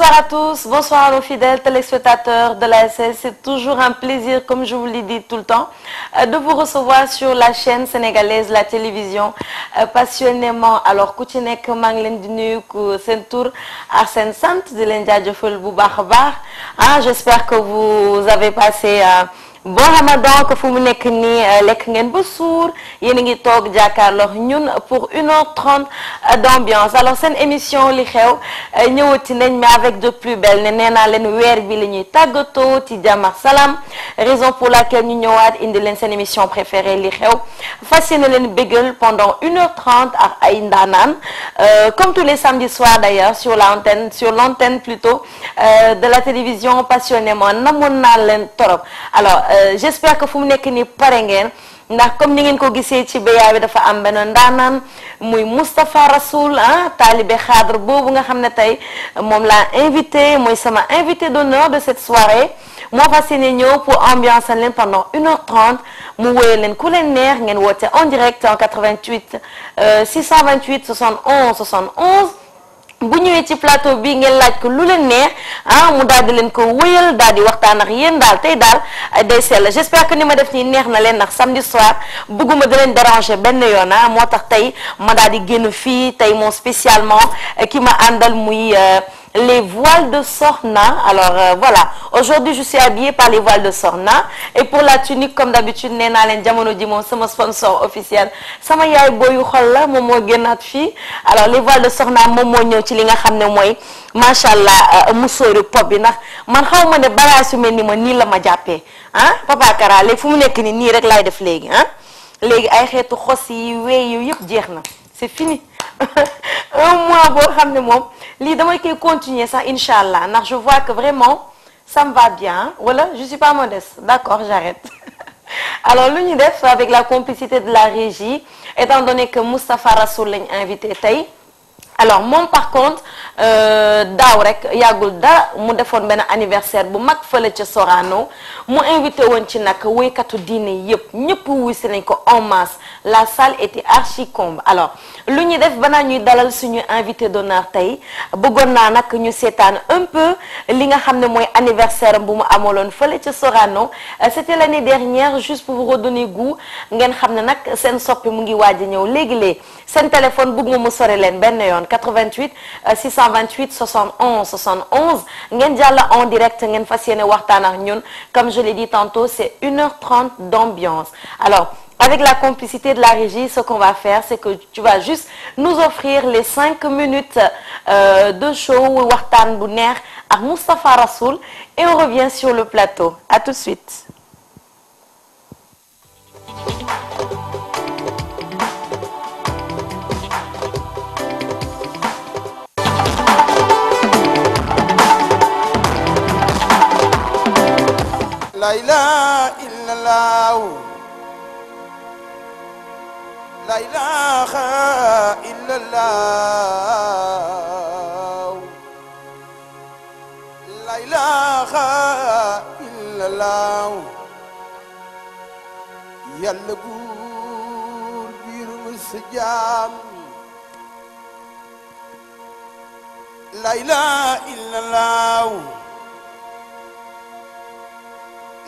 Bonsoir à tous, bonsoir à fidèles téléspectateurs de la SS. C'est toujours un plaisir, comme je vous l'ai dit tout le temps, euh, de vous recevoir sur la chaîne sénégalaise, la télévision, euh, passionnément. Alors, koutinek Manglen Dunuk, di ah, j'espère que vous avez passé. Euh, bon ramadan ko vous euh, ngeen pour une h euh, 30 d'ambiance alors cette émission li xew euh, avec de plus belles, raison pour laquelle ñu ñëwaat indi émission préférée li xew pendant 1h30 à comme tous les samedis soirs d'ailleurs sur l'antenne sur l'antenne plutôt de la télévision passionnément alors euh, j'espère que vous mu ni nii ndax comme ni ngeen ko gisee ci béyaa dafa am benn ndaanaan muy mustapha Rasoul ah taalibe xaadar bobu nga xamné tay mom la invité moy sama invité d'honneur de cette soirée moi fasciné ñeu pour ambiance leen pendant une heure trente mu wooye leen ku leen neex ngeen en direct en 88 628 71 71 bu ñëwee ci plateau bi ngeen laaj ko lu leen neex ah mu daal leen ko wëyal daal di waxtaan ak yéen daal tey daal eh, day sell j'espère que ni ma def nii neex na leen nag samdi soir bëgguma da leen déranger benn yoon ah, moo tax tey ma daal di génn fii tey moom spécialement eh, ki ma àndal muy. Eh, les voiles de Sorna. Alors euh, voilà, aujourd'hui je suis habillée par les voiles de Sorna. Et pour la tunique, comme d'habitude, Nena Len Dimon, c'est mon sponsor officiel. Sama boyu xol la moom alors les voiles de Sorna momo moo ñëw ci li nga xam ne machallah macha allah euh, musóoru pop ne ni la ma ah Papa Kara les fu qui nekk nii nii rek laay def léegi ah léegi ay xeetu xos yi c'est fini un mois bon, xamné moi li damay continuer ça, je vois que vraiment ça me va bien voilà je suis pas modeste d'accord j'arrête alors lu avec la complicité de la régie étant donné que Moustapha Rasoul l'a invité alors moom par contre euh, daaw rek yàggul dara mu defoon benn anniversaire bu mag fële ca Sorano mu invité woon ci nag woykatu diine yëpp ñëpp wuy si nañ ko en masse la salle était archi comble alors lu ñuy def banaa ñuy dalal suñu invité d'honneur tey bëggoon naa nag ñu seetaan un peu li nga xam ne mooy anniversaire bu mu amaloon fële ca Sorano euh, c'était l'année dernière juste pour vous redonner goût ngeen xam ne nag seen soppi mu ngi waaj a ñëw léegi-léeg téléphone bëgg mu mu sore leen benn yoon 88 628 71 71 en direct comme je l'ai dit tantôt c'est 1h30 d'ambiance alors avec la complicité de la régie ce qu'on va faire c'est que tu vas juste nous offrir les 5 minutes euh, de show Wartan bu à à Moustapha Rasoul. et on revient sur le plateau à tout de suite لا إله إلا الله لا إله إلا الله لا إله إلا الله يا قول بيرم السجام لا إله إلا الله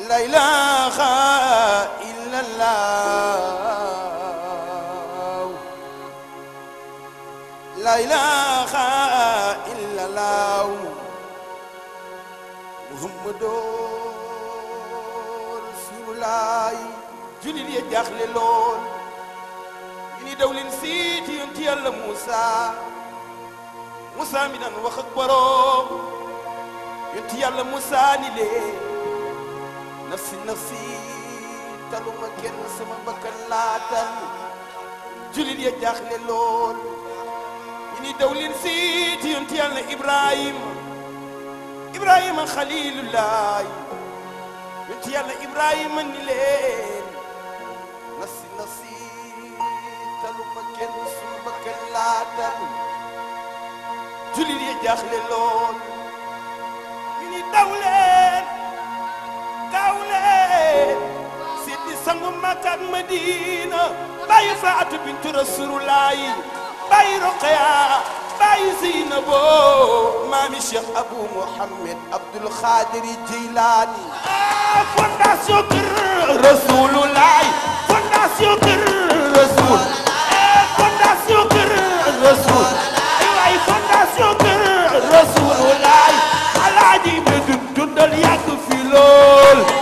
لا إله إلا الله لا إله إلا الله محمد رسول الله jullit ya jaaxle lool ñu ni daw leen sii ci yonti yàlla Moussa Moussa mi daan wax ak borom yonti yàlla Moussa ni lee nafsi nafsi taluma kenn sama bakkan laa tal julit ya jaaxle lool ñu ni daw leen si ci yonti yàlla ibrahima ibrahima xalilullaay yonti yàlla ibrahima ni leen nafsi nafsi taluma kenn sama bakkan laa tal julit ya jaaxle lool ñu ni daw leen gaaw di sangu Makka Madina bàyyi Faatu bintu Rasululaayi bàyyi Roqaya bàyyi Zeynabu maami Cheikh Abou Mouhamed Abdoul Khadir Jilani fondation kër Rasululaayi fondation Rasul Bull.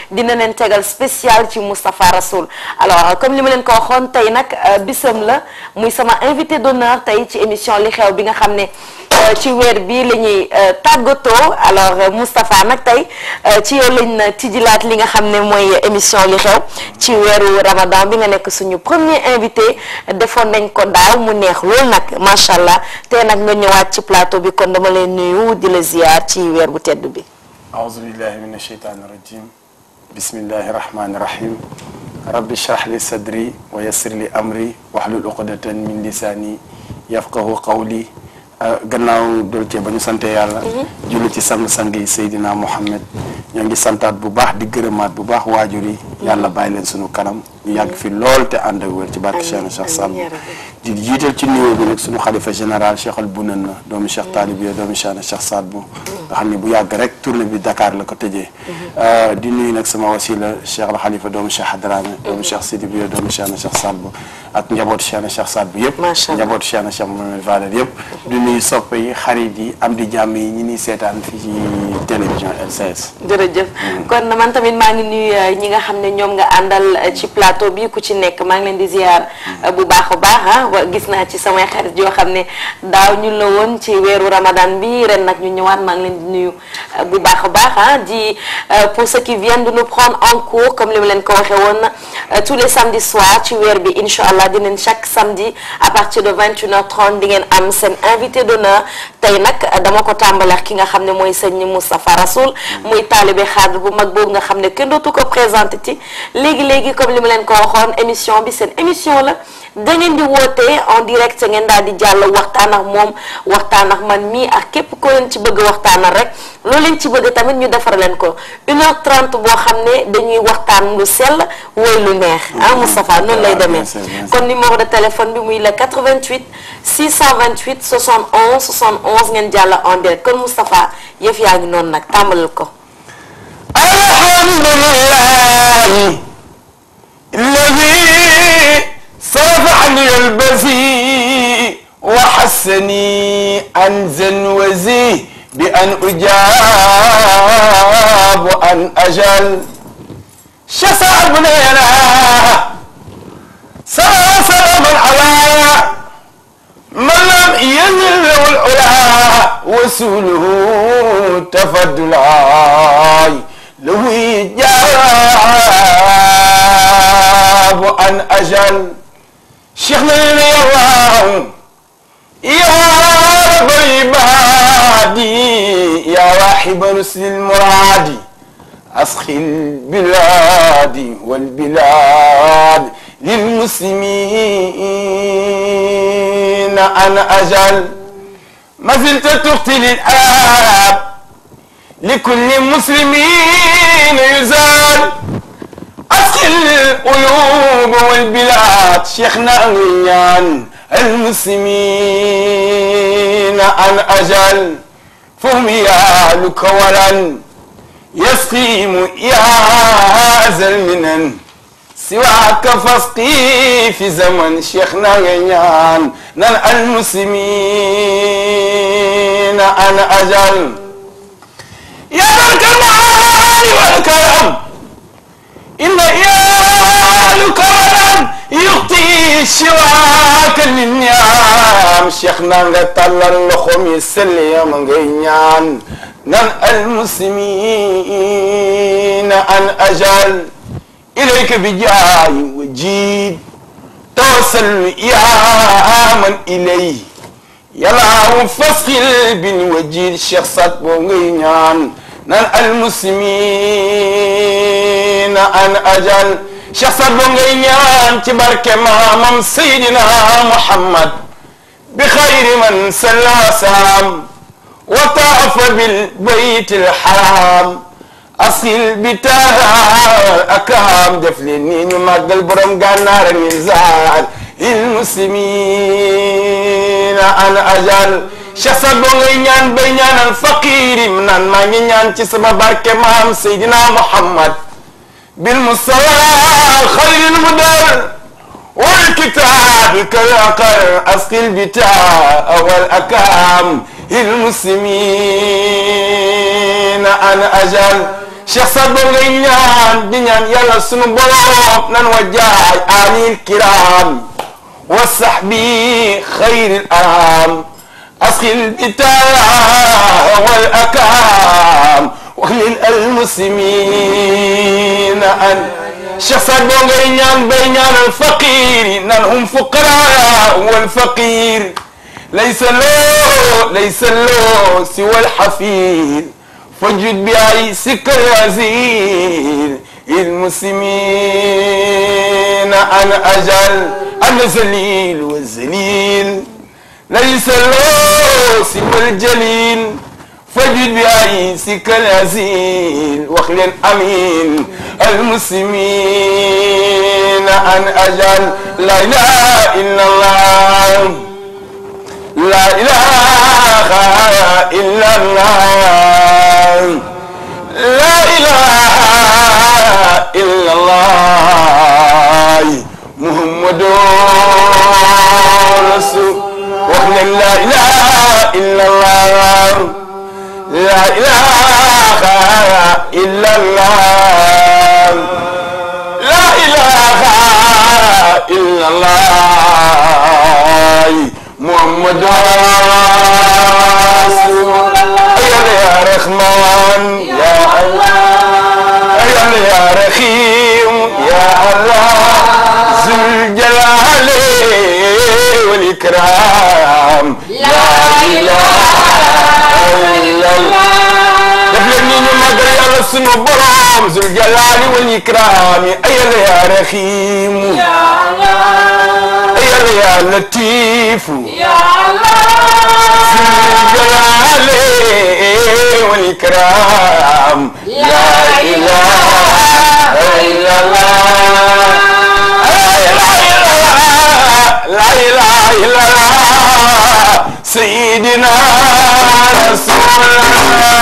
dina leen tegal spécial ci Moustapha Rassoul alors euh, comme li ma leen ko waxoon tey nag euh, bisam la muy sama invité d'honneur tey ci émission li xew bi nga xam ne euh, ci weer bi la ñuy tàggatoo alors Moustapha nag tey ci yow lañ na tijjilaat li nga xam ne mooy émission li xew ci weeru Ramadan bi nga nekk suñu premier invité defoon nañ ko daaw mu neex loolu nag macha allah tey nag nga ñëwaat ci plateau bi kon dama leen nuyu di la ziar ci weer bu tedd bi. aouzu بسم الله الرحمن الرحيم رب اشرح لي صدري ويسر لي امري واحلل عقدة من لساني يفقه قولي غناو دولتي با نسانت يالا جولتي سام سانغي سيدنا محمد نيغي سانتات بو باخ دي غرمات بو باخ واجوري يالا باي لين سونو كانام ياك في لول تي اند ويل تي بارك شيخ شيخ سام دي جيتال تي نيو بي نك سونو خليفه جنرال شيخ البنن دومي شيخ طالب يا دومي شيخ سام nga xam ne bu yàgg rek tournée bi Dakar la ko tëjee euh, di nuyu nag sama wasila Cheikh Al Khalifa doomu Cheikh Hadrame doomu Cheikh Sidi Bio doomu Cheikh na Cheikh Sadbu ak njabootu Cheikh na Cheikh Sadbu yëpp njabootu Cheikh na Cheikh Mohamed Valel yëpp di nuyu soppe yi xarit yi am di jàmm yi ñi ni seetaan fii ci télévision LCS jërëjëf mm. kon man tamit maa ngi nuyu euh, ñi nga xam ne ñoom nga àndal euh, ci plateau bi ku ci nekk maa ngi leen di ziar mm. bu baax a ah. gis naa ci samay xarit yoo xam la woon ci weeru ramadan bi ren nag ñu ñëwaat nuyu euh, bu baax baax hein, di euh, pour ceux qui viennent de nous prendre en cours comme li ma ko euh, tous les samedis soir tu wèr bi inshallah allah chaque samedi à partir de 21h30 di ngène am invité d'honneur tay nak dama ko tàmbaleex ki nga xamné moy seigne Moustapha Rasoul moy taalibe xaadr bu mag bo nga xamné ne kenn ko présenté ci légui comme li ma ko émission bi seen émission la da ngeen di wootee en direct ngeen daal di jàll waxtaan ak moom waxtaan ak man mii ak képp ko leen ci bëgg waxtaan waxtaanal rek loolu leen ci bëgg tamit ñu defar leen ko une heure trente boo xam ne dañuy waxtaan lu sell woy lu neex ah mm-hmm. Moustapha noonu lay ah, demee kon numéro de téléphone bi muy la 88 628 71 71 ngeen jàll en direct kon Moustapha yëf yaa ngi noonu nag tàmbalal ko صافحني البزي وحسني عن وزي بأن أجاب عن أجل شسع بنينا سلام على من لم ينل العلا وسوله عاي لو جاب عن أجل الشيخ الله يا رب عبادي يا راحب رسل المرادي أسخي البلاد والبلاد للمسلمين أنا أجل ما زلت تقتل الآب لكل مسلمين يزال القلوب والبلاد شيخنا ويان المسلمين عن أجل فهم يالك ورا يسقيم يا هذا المنن سواك فاسقي في زمن شيخنا غنيان نال المسلمين عن أجل يا ذا الكرم والكرم يا لكرم يغطي شواك النيام شيخنا نغطل اللخم يسلي من غينيان نن المسلمين أن أجل إليك بجاي وجيد توصل يا من إليه يلا فسخ بن وجيد شيخ صدق بن غينيان نال المسلمين عن أجل شسر بنغيان تبارك من سيدنا محمد بخير من صلى سام وطاف بالبيت الحرام أصيل بتاها أكام دفلني نمد البرم قنار نزال المسلمين عن أجل Cheikh Saad Bou ngay ñaan bay ñaanal faqiirim naan maa ngi ñaan ci sama barke maam Seydina Muhammad bil mustawa xayril mudar wal kitaab kal aqar asqil bitaa wal akam il muslimin an ajal Cheikh Saad Bou ngay ñaan di ñaan yàlla sunu borom nan wa jaay alil kiram wa sahbi xayril anam أسقي البتاع والأكام وخلل المسلمين أن شفا بغيان بيان الفقير ننهم فقراء والفقير ليس له ليس له سوى الحفيد فجد بأي سكر وزير المسلمين أن أجل زليل والذليل ليس له سوى الجليل فجد بعيسك الأزيل وخل أمين المسلمين أن أجل لا إله إلا الله لا إله إلا الله لا إله إلا الله محمد رسول واغنى لا اله الا الله لا اله الا الله لا اله الا الله محمد رسول الله يا رحمن يا الله يا رحيم يا الله ذو الجلال والإكرام لا إله إلا الله لفلنين ما دري على السنوبرام ذو الجلال رخيم يا الله لطيف يا الله ذو الجلال والإكرام لا إله الله لا إله إلا الله سيدنا رسول الله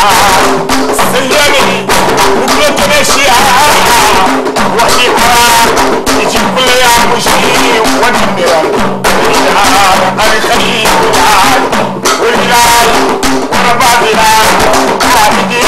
I'm Wahira, Ijikulea Mushi, Wadimira, Rijal, Al-Khalil, Rijal, Warabadila, Khalidin,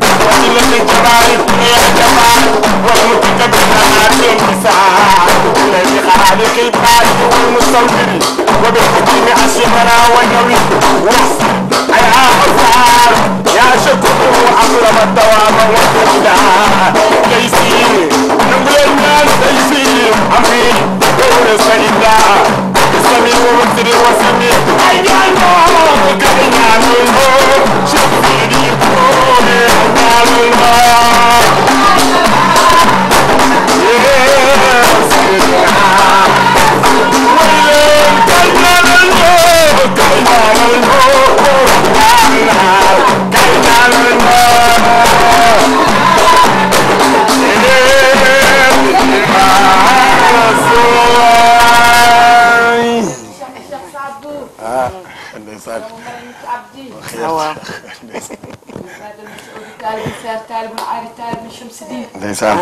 وسيلة الجمال يا جمال والمتكبرات النساء الذي خالق الخالق المصور وبالحكيم عشقنا ونوي واحسن يا أبصار يا شكر أظلم الدوام والإبداع ليسير نقول الناس ليسير أمين دور سيدنا sami orum siri wa sami ai nyano kari nyano mo shabu siri po ne nyano ma yeah siri ha kari nyano mo kari nyano mo kari nyano mo yeah yeah so Fall waaw ndeysaan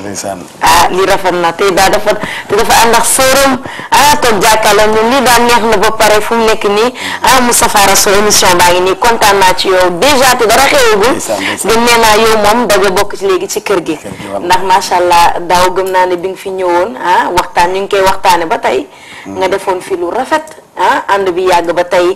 ndeysaan ah, li rafet na tey daa dafa te dafa ànd ak sóoram ah toog jàkkaarloo ñun lii daal neex na ba pare fu mu nekk nii ah Moustapha Rassoul émission baa ngi nii kontaan naa ci yow dèjà te dara xewagul gëm nee naa yow moom daga bokk ci léegi ci kër gi ndax macha allah daaw gëm naa ne bi nga fi ñëwoon ah waxtaan ñu ngi koy waxtaane ba tey mm. nga defoon fi lu rafet ah ànd bi yàgg ba tey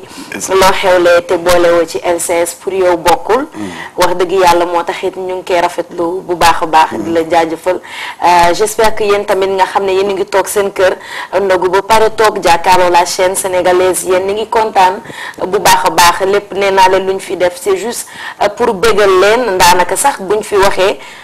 loo xewlee te boolewoo ci LCS pour yow bokkul hmm. wax dëgg yàlla moo tax it ñu ngi koy rafet lu bu baax a baax di la hmm. jaajëfal ah, j'espère que yéen tamit nga xam ne yéen a ngi toog seen kër ndagu ba pare toog jàkkaarloo la chaîne sénégalaise yéen ni ngi kontaan bu baax a baax lépp ne naa leen lu ñu fi def c'est juste ah, pour bégal leen ndaanaka sax buñ fi waxee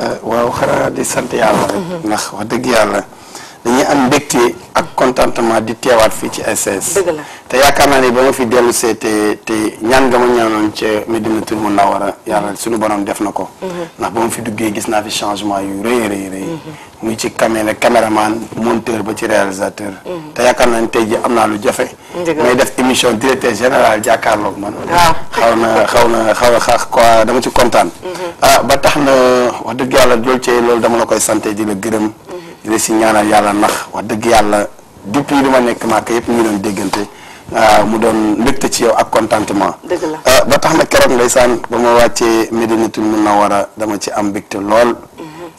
Eh, waaw xanaa di sant yàlla rek. Mm-hmm. ndax wax dëgg yàlla. dañuy am mbégte ak contentement di teewaat fii ci SCS te yaakaar naa ne ba ma fi dellu see te te ñaan nga ma ñaanoon ca Medinatul Munawwara yàlla mm-hmm. suñu borom def na ko mm-hmm. ndax ba ma fi duggee gis naa fi changement yu rëy rëy rëy mm-hmm. ci caméra caméraman monteur ba ci réalisateur te yaakaar naa ne tey ji am naa lu jafe may def émission directeur général jàkkaarloog man ah. xaw na xaw na xaw a quoi dama ci kontaan ah ba tax na wax dëgg yàlla loolu ci loolu dama la koy sant di la gërëm di si ñaanal yàlla ndax wax dëgg yàlla depuis li ma nekk màkk yëpp ñu doon déggante ah, mu doon mbégte ci yow ak contentement. Ah, ba tax na keroog ndeysaan ba ma wàccee Medinatul a dama ci am mbégte lool.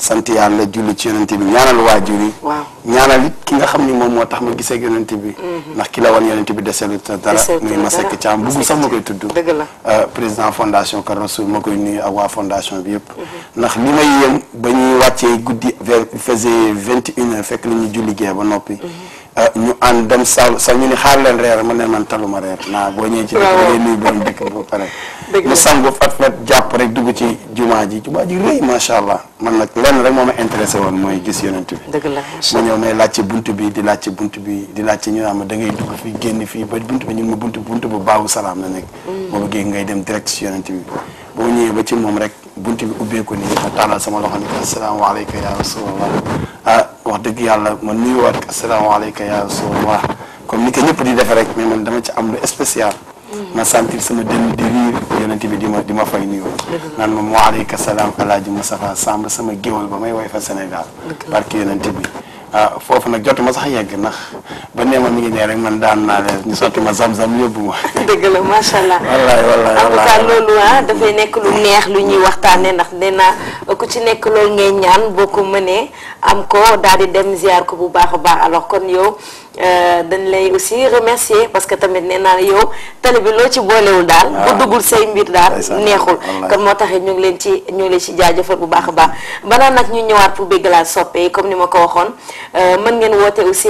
sant yàlla julli ci yonent bi ñaanal waajur yi. waaw ñaanal it ki nga xam ni moom moo tax ma gisee ak bi. Mm-hmm. ndax ki la wan yonent bi deselu dara. muy Masek Thiam bëggul sax ma koy tudd. dëgg la euh, président fondation Keur ma koy nuyu ak waa fondation bi yëpp. Mm-hmm. ndax li may yéem ba ñuy wàccee guddi vers faisait vingt fekk la ñuy julli gee ba noppi. Mm-hmm. Ah, ñu ànd dem saal sax ñu ni xaar leen reer man ne man taluma reer naa boo ñëwee ci dëkk ba nuyu borom dëkk ba pare mu sangu fat fat jàpp rek dugg ci jumaa ji jumaa ji rëy macha allah man nag lenn rek moo ma intéressé woon mooy gis yonent bi dëgg la ma ñëw laaj ci bunt bi di laaj ci bunt bi di laaj ci ñu naan ma da dugg fii génn fii ba bunt bi ñun ma bunt bunt bu baawu salaam la nekk mm. boobu géeg ngay dem direct ci yonent bi boo ñëwee ba ci moom rek bunt bi ubbeeku nii ma tàllal sama loxo ni ko asalaamaaleykum yaa ah, wax dëgg yàlla man nuyuwaat ko asalaamaaleykum yaa rasulallah comme ni ko ñëpp di defe rek mais man dama ci am lu spécial mm. ma sentir sama dem di riir yonent bi di ma di ma fay nuyoo naan moom waaleyka salaam alaaji Moustapha Samb sama géwal ba may woy fa Sénégal barke yonent bi ah foofu nag jotuma sax yegg ndax ba nee ma mi ngi nee rek man daan naa leen ñu sotti ma zam-zam yóbbu ma. dëgg la macha allah. wallaay wallaay wallaay en tout cas loolu ah dafay nekk lu neex lu ñuy waxtaanee ndax nee naa ku ci nekk loolu ngay ñaan boo am ko daal di dem ziar ko bu baax a baax alors kon yow euh, dañ lay aussi remercier parce que tamit nee naa yow tali bi loo ci boolewul daal. Ah. bu duggul say mbir daal neexul. kon moo taxit ñu ngi leen ci ñu ngi leen ci jaajëfal bu baax a baax. balaa nag ñu ñëwaat pour laa soppee comme ni ma ko waxoon euh, mën ngeen woote aussi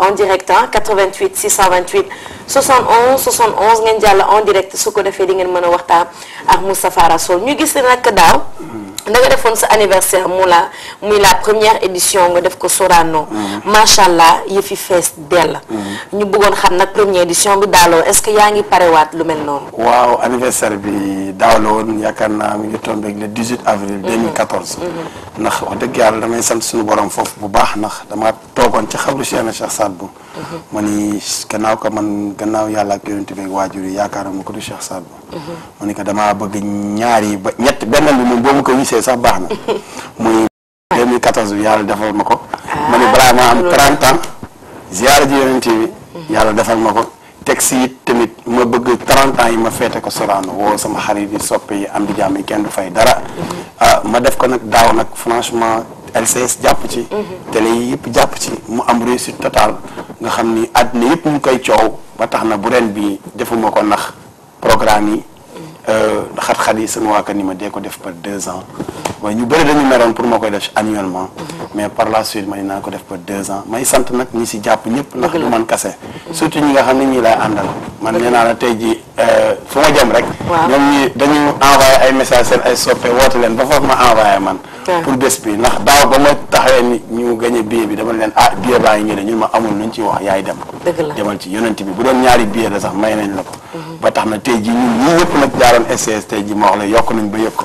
en direct 88 628 71 71 ngeen jàll en direct su ko defee di ngeen mën a waxtaan ak Moustapha Rassoul ñu gis nag daaw. Hmm. nga defone sa anniversaire mu la muy la première édition nga def ko Sorano. Mm-hmm. macha allah yëfi fees dell. Mm-hmm. ñu bëggon xam nak première édition bi daaloo est-ce que yaa ngi parewaat lu mel non waaw anniversaire bi daaloon yaakaar na mi ngi tombé le 18 avril 2014. Mm-hmm. ndax wax dëgg yàlla damay sant suñu borom fofu bu baax ndax dama togon ci xabru Cheikh Cheikh Sadbou. ma gannaaw ko man gannaaw yàlla ak yoonte bi wajuri waajur yi ko du Cheikh Sadbou. ma ni ko damaa bëgg ñaari ñet ñett benn bi moom mu ko gisee sax baax na muy 2014 bi yàlla defal ma ko ah, ma ni balaa ma am 30 ans ziyaara ji bi mm-hmm. yàlla defal ma ko teg si tamit ma bëgg 30 yi ma feete ko Sorano woo sama xarit yi soppe yi am di jàmm kenn du fay dara mm-hmm. ah ma def ko nag daaw nag franchement LCS jàpp ci mm-hmm. télé yi yëpp jàpp ci mu am réussite totale nga xam ni àddina yëpp ñu koy coow ba tax na bu ren bii defuma ko ndax programme yi xat-xat yi sama waa kër ni ma dee ko def par deux ans waaye ñu bëri dañu meroon pour ma koy def annuellement mhm. mais par la suite ma ni naa ko def par deux ans may sant nag ñi si jàpp ñëpp ndax du man kase surtout ñi nga xam ne ñii laay àndal man nee la tey ji euh, fu ma jëm rek ñoom ñi dañu envoyé ay message seen ay soppe woote leen ba foofu ma envoyé man pour bés bi ndax daaw ba ma taxawee ni ñu gagné billet bi dama leen ah billet baa ngi ñëw ñun ma amul luñ ci wax yaay dem demal ci yonent bi bu doon ñaari billet la sax may nañ la ko mhm. ba tax na tey ji ñun ñii ñëpp nag jaaroon SCS tey ji ma wax la yokk nañ ba yëg ko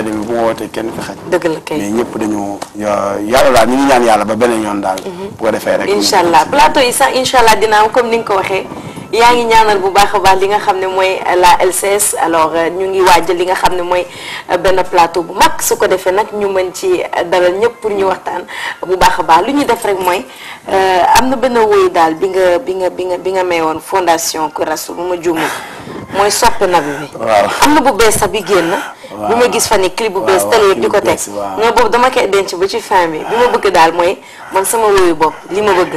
daayira bi bu ma wootee kenn fi xaj dëgg la kay mais ñëpp dañu yàlla daal ñu ngi ñaan yàlla ba beneen yoon daal mhm. bu ko defee rek incha allah plateau yi sax incha dina am comme ni nga ko waxee yaa ngi ñaanal bu baax a baax li nga xam ne mooy euh, la LCS alors euh, ñu ngi waajal li nga xam ne mooy euh, benn plateau bu mag su ko defee nag ñu mën ci dalal ñëpp pour ñu waxtaan bu baax a baax lu ñuy def rek mooy am na benn woyu daal bi nga bi nga bi nga bi nga may woon fondation Kër Rassoul ma mooy soppe nag bi. waaw am na bu bees sax bi génn. waaw bu ma gis fan yii clip bu bees. waaw waaw di ko teg mais boobu dama koy denc ba ci fin bi bi ma bëgg daal mooy man sama wóoyu bopp li ma bëgg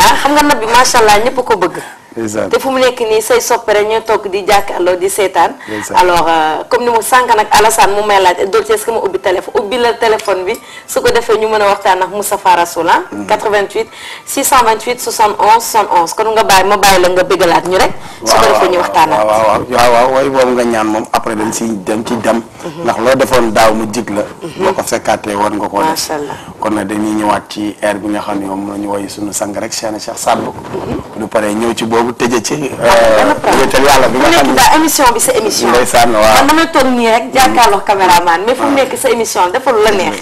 ah xam nga nabi macha allah ñëpp ko bëgg. te fu mu nekk nii say soppe ñoo toog di jàkkaarloo di seetaan alors euh, comme ni mu sànq nag Alassane mu may laaj docteur est-ce ma ubbi téléphone ubbi la téléphone bi su ko defee ñu mën a waxtaan ak Moustapha Rassoula 88 628 71 71 kon nga bàyyi ma bàyyi la nga bëggalaat ñu rek su ko defee ñu waxtaan ak waaw waaw waaye boobu nga ñaan moom après dañ si dañ ci dem mm-hmm. ndax loo defoon daaw mu jig la mm-hmm. boo ko fekkaatee war nga koo def kon nag dañuy ñëwaat ci air bi nga xam ne moom la ñu woy suñu sang rek boobu tëjee ci. tëjee euh, yàlla bi nga xam ne daal émission bi sa émission. ndeysaan waaw man toog nii rek jàkkaarloo caméraman mais fu mu nekk sa émission dafa la neex.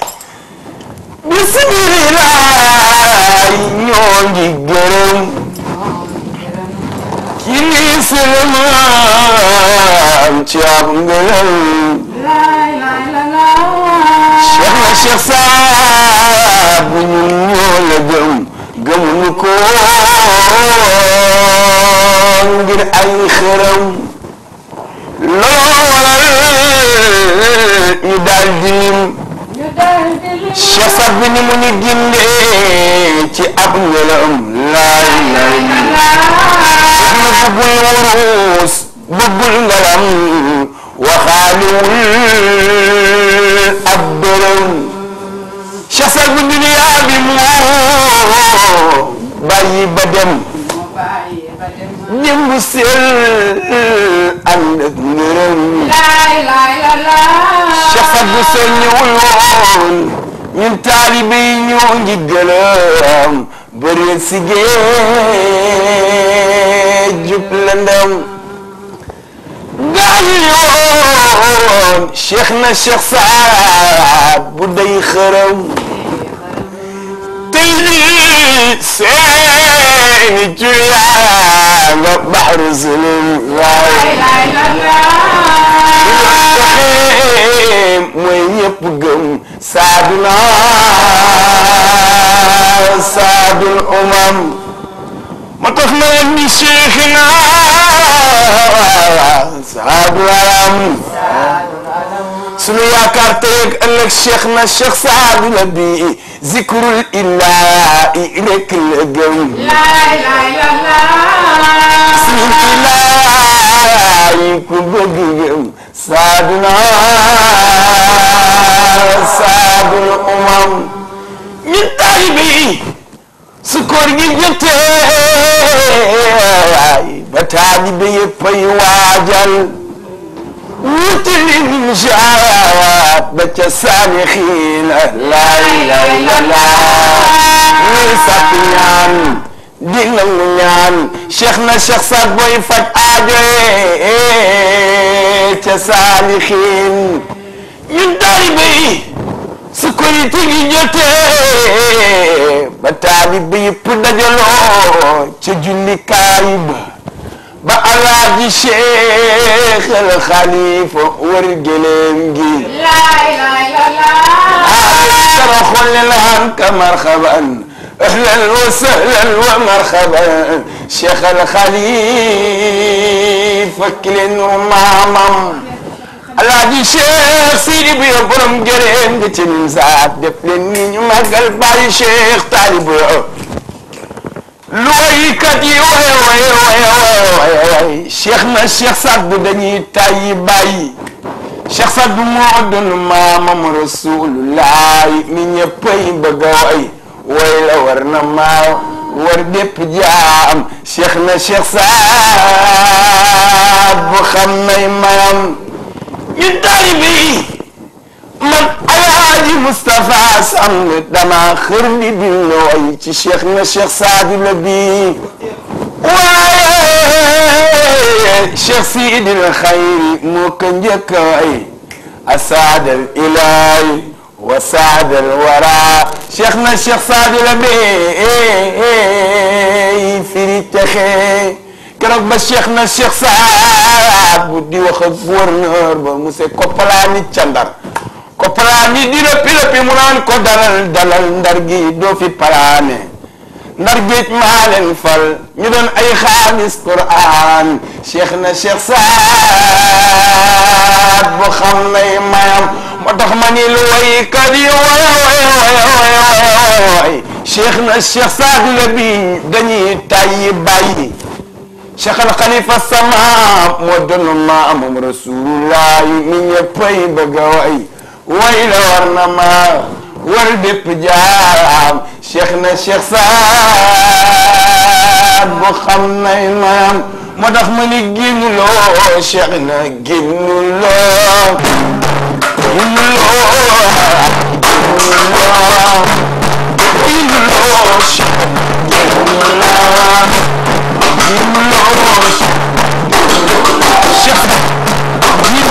bisimilah ñoo ngi gërëm. ci lislaam ci ab ngërëm. Cheikh na Cheikh Saad bu ñun ñoo la gëm. jëm ngir ay xëram looloo waral ñu daal di lim safar bi ni mu ñu gindee ci ab ngelam laay laay الشيخ سعد بدا يخرم تلبس عين جولان بحر سلم لا اله الا الله سعدنا سعد الامم ما تخمن شيخنا سعد الامم sunu yaakaar teeg ëllëg cheikh na cheikh saadu la bi zikrul ilahi rek la gëm silaayi ku bëgg gëm saaduna saadul umam ñun taalibe yi su koor gi jotee ba taalibe yëpp ay waajal mutalin shaawaat ba ca saalixiina laa ilaaha illallaah ñuy sàkk ñaan di nangu ñaan cheikh na cheikh saat booy faj aajoye ca saalixiin ñun taalibe yi su gi jotee ba taalibe yëpp dajaloo ca jullikaayu ba بألاقي شيخ الخليفة ورجلينجي لا لا لا لا أشرح آه، للهم كمرخبا أهلا وسهلا ومرخبا شيخ الخليفة كلين ومامم ألاقي شيخ سيدي بيبرم جرينجي تنزاف دفلني ما قلب باري شيخ طالبو lu waykat yi way way way way way cheikh na cheikh Saad bu dañuy tàyyi bàyyi cheikh Saad bu moo doon maamam rasulullaay ni ñëppay bëgg a way way la war na maaw war dépp jaam cheikh na cheikh Saad bu xam nay maam ñu taalibe yi man ala alaaji Moustapha Samb dama xër li bind way ci cheikh na cheikh Saadi la bi waaye cheikh Sidil Xayri moo ko njëkk a way asaadal ilaahi wa saadal wara cheikh na cheikh Saadi la bi firi texe keroog ba cheikh na cheikh Saad bu di wax ak gouverneur ba monsieur Koppalaani Candar ko parani diro pilo pi munan ko dalal dalal ndar gi do fi parane ndar géej maa leen fal ñu doon ay xaamis quran cheikh na cheikh saad bu xam nay mayam moo tax ma ni lu waykat yi way way way way way cheikh na cheikh saad la bi dañuy tàyyi bàyyi cheikh al xalifa sama moo doon maamam rasulullah yi ni ñëppay bëgg a way way la war na ma war bépp jaam cheikh na cheikh saad bu xam na imaam moo tax ma ni génnu loo cheikh na génnu loo génnu loo génnu loo cheikh na génnu loo génnu loo cheikh Oh yeah!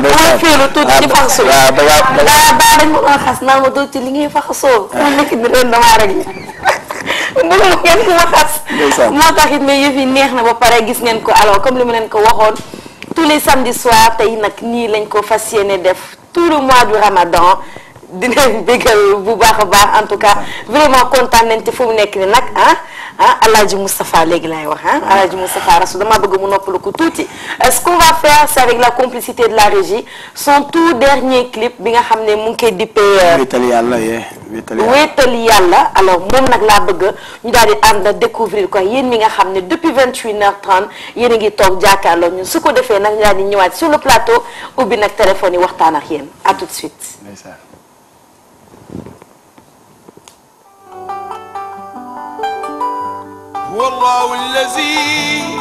waaw boo fiilu tuuti di faxasu waaw daa daa dañ ma doon xas naan ma tuuti li ngay faxasoo ah. ma nekk di ren damaa rek bëgguma moo tax it mais yëf yi neex na ba pare gis ngeen ko alors comme li ma leen ko waxoon tous les samedis soir tey nag nii lañ ko fas yéene def tout le mois du ramadan dinañ bégal bu baax baax en tout cas vraiment kontaan nañ te fu mu nekk ni nag ah ah Alhaji Moustapha léegi laay wax hein ah, Aladji Moustapha rasou dama bëgg mu noppalu ko est euh, ce qu'on va faire c'est avec la complicité de la régie son tout dernier clip bi nga xamné mu ngi koy dippee. yalla euh, yàlla yee alors moom nak la bëgg ñu daal and découvrir quoi yeen mi nga xamné depuis 28h30 yeen a ngi tok jàkkaarloo ñun su ko defee nag ñu daal ñëwaat sur le plateau ou nak téléphone yi waxtaan ak à tout de suite. والله الذي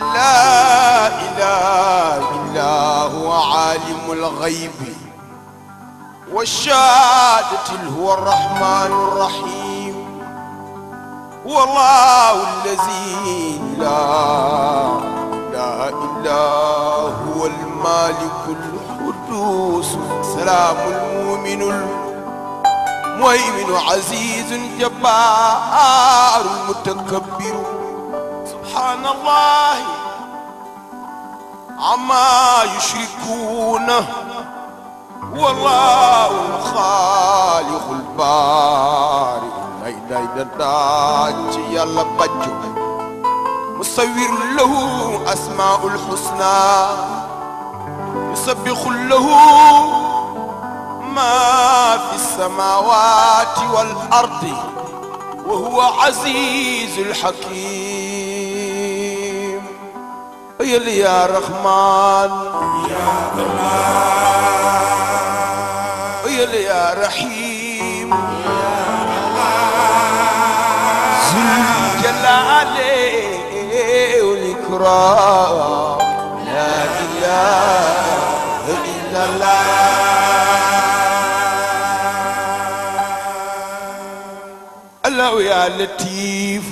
لا إله إلا هو عالم الغيب والشهادة هو الرحمن الرحيم هو الله الذي لا إله إلا هو المالك القدوس سلام المؤمن المؤمن مهيمن عزيز جبار متكبر سبحان الله عما يشركونه والله الخالق البارئ لا اله الا انت يا لبجو مصور له اسماء الحسنى يسبح له ما في السماوات والأرض وهو عزيز الحكيم يلي يا رحمن يا الله يا رحيم يا الله ذو والإكرام لا إله إلا الله ربنا ويا لطيف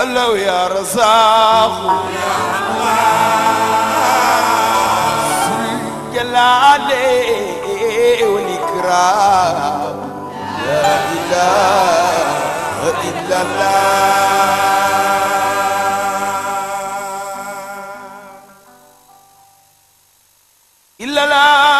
الله يا رزاق يا الله والإكرام لا إله إلا الله إلا الله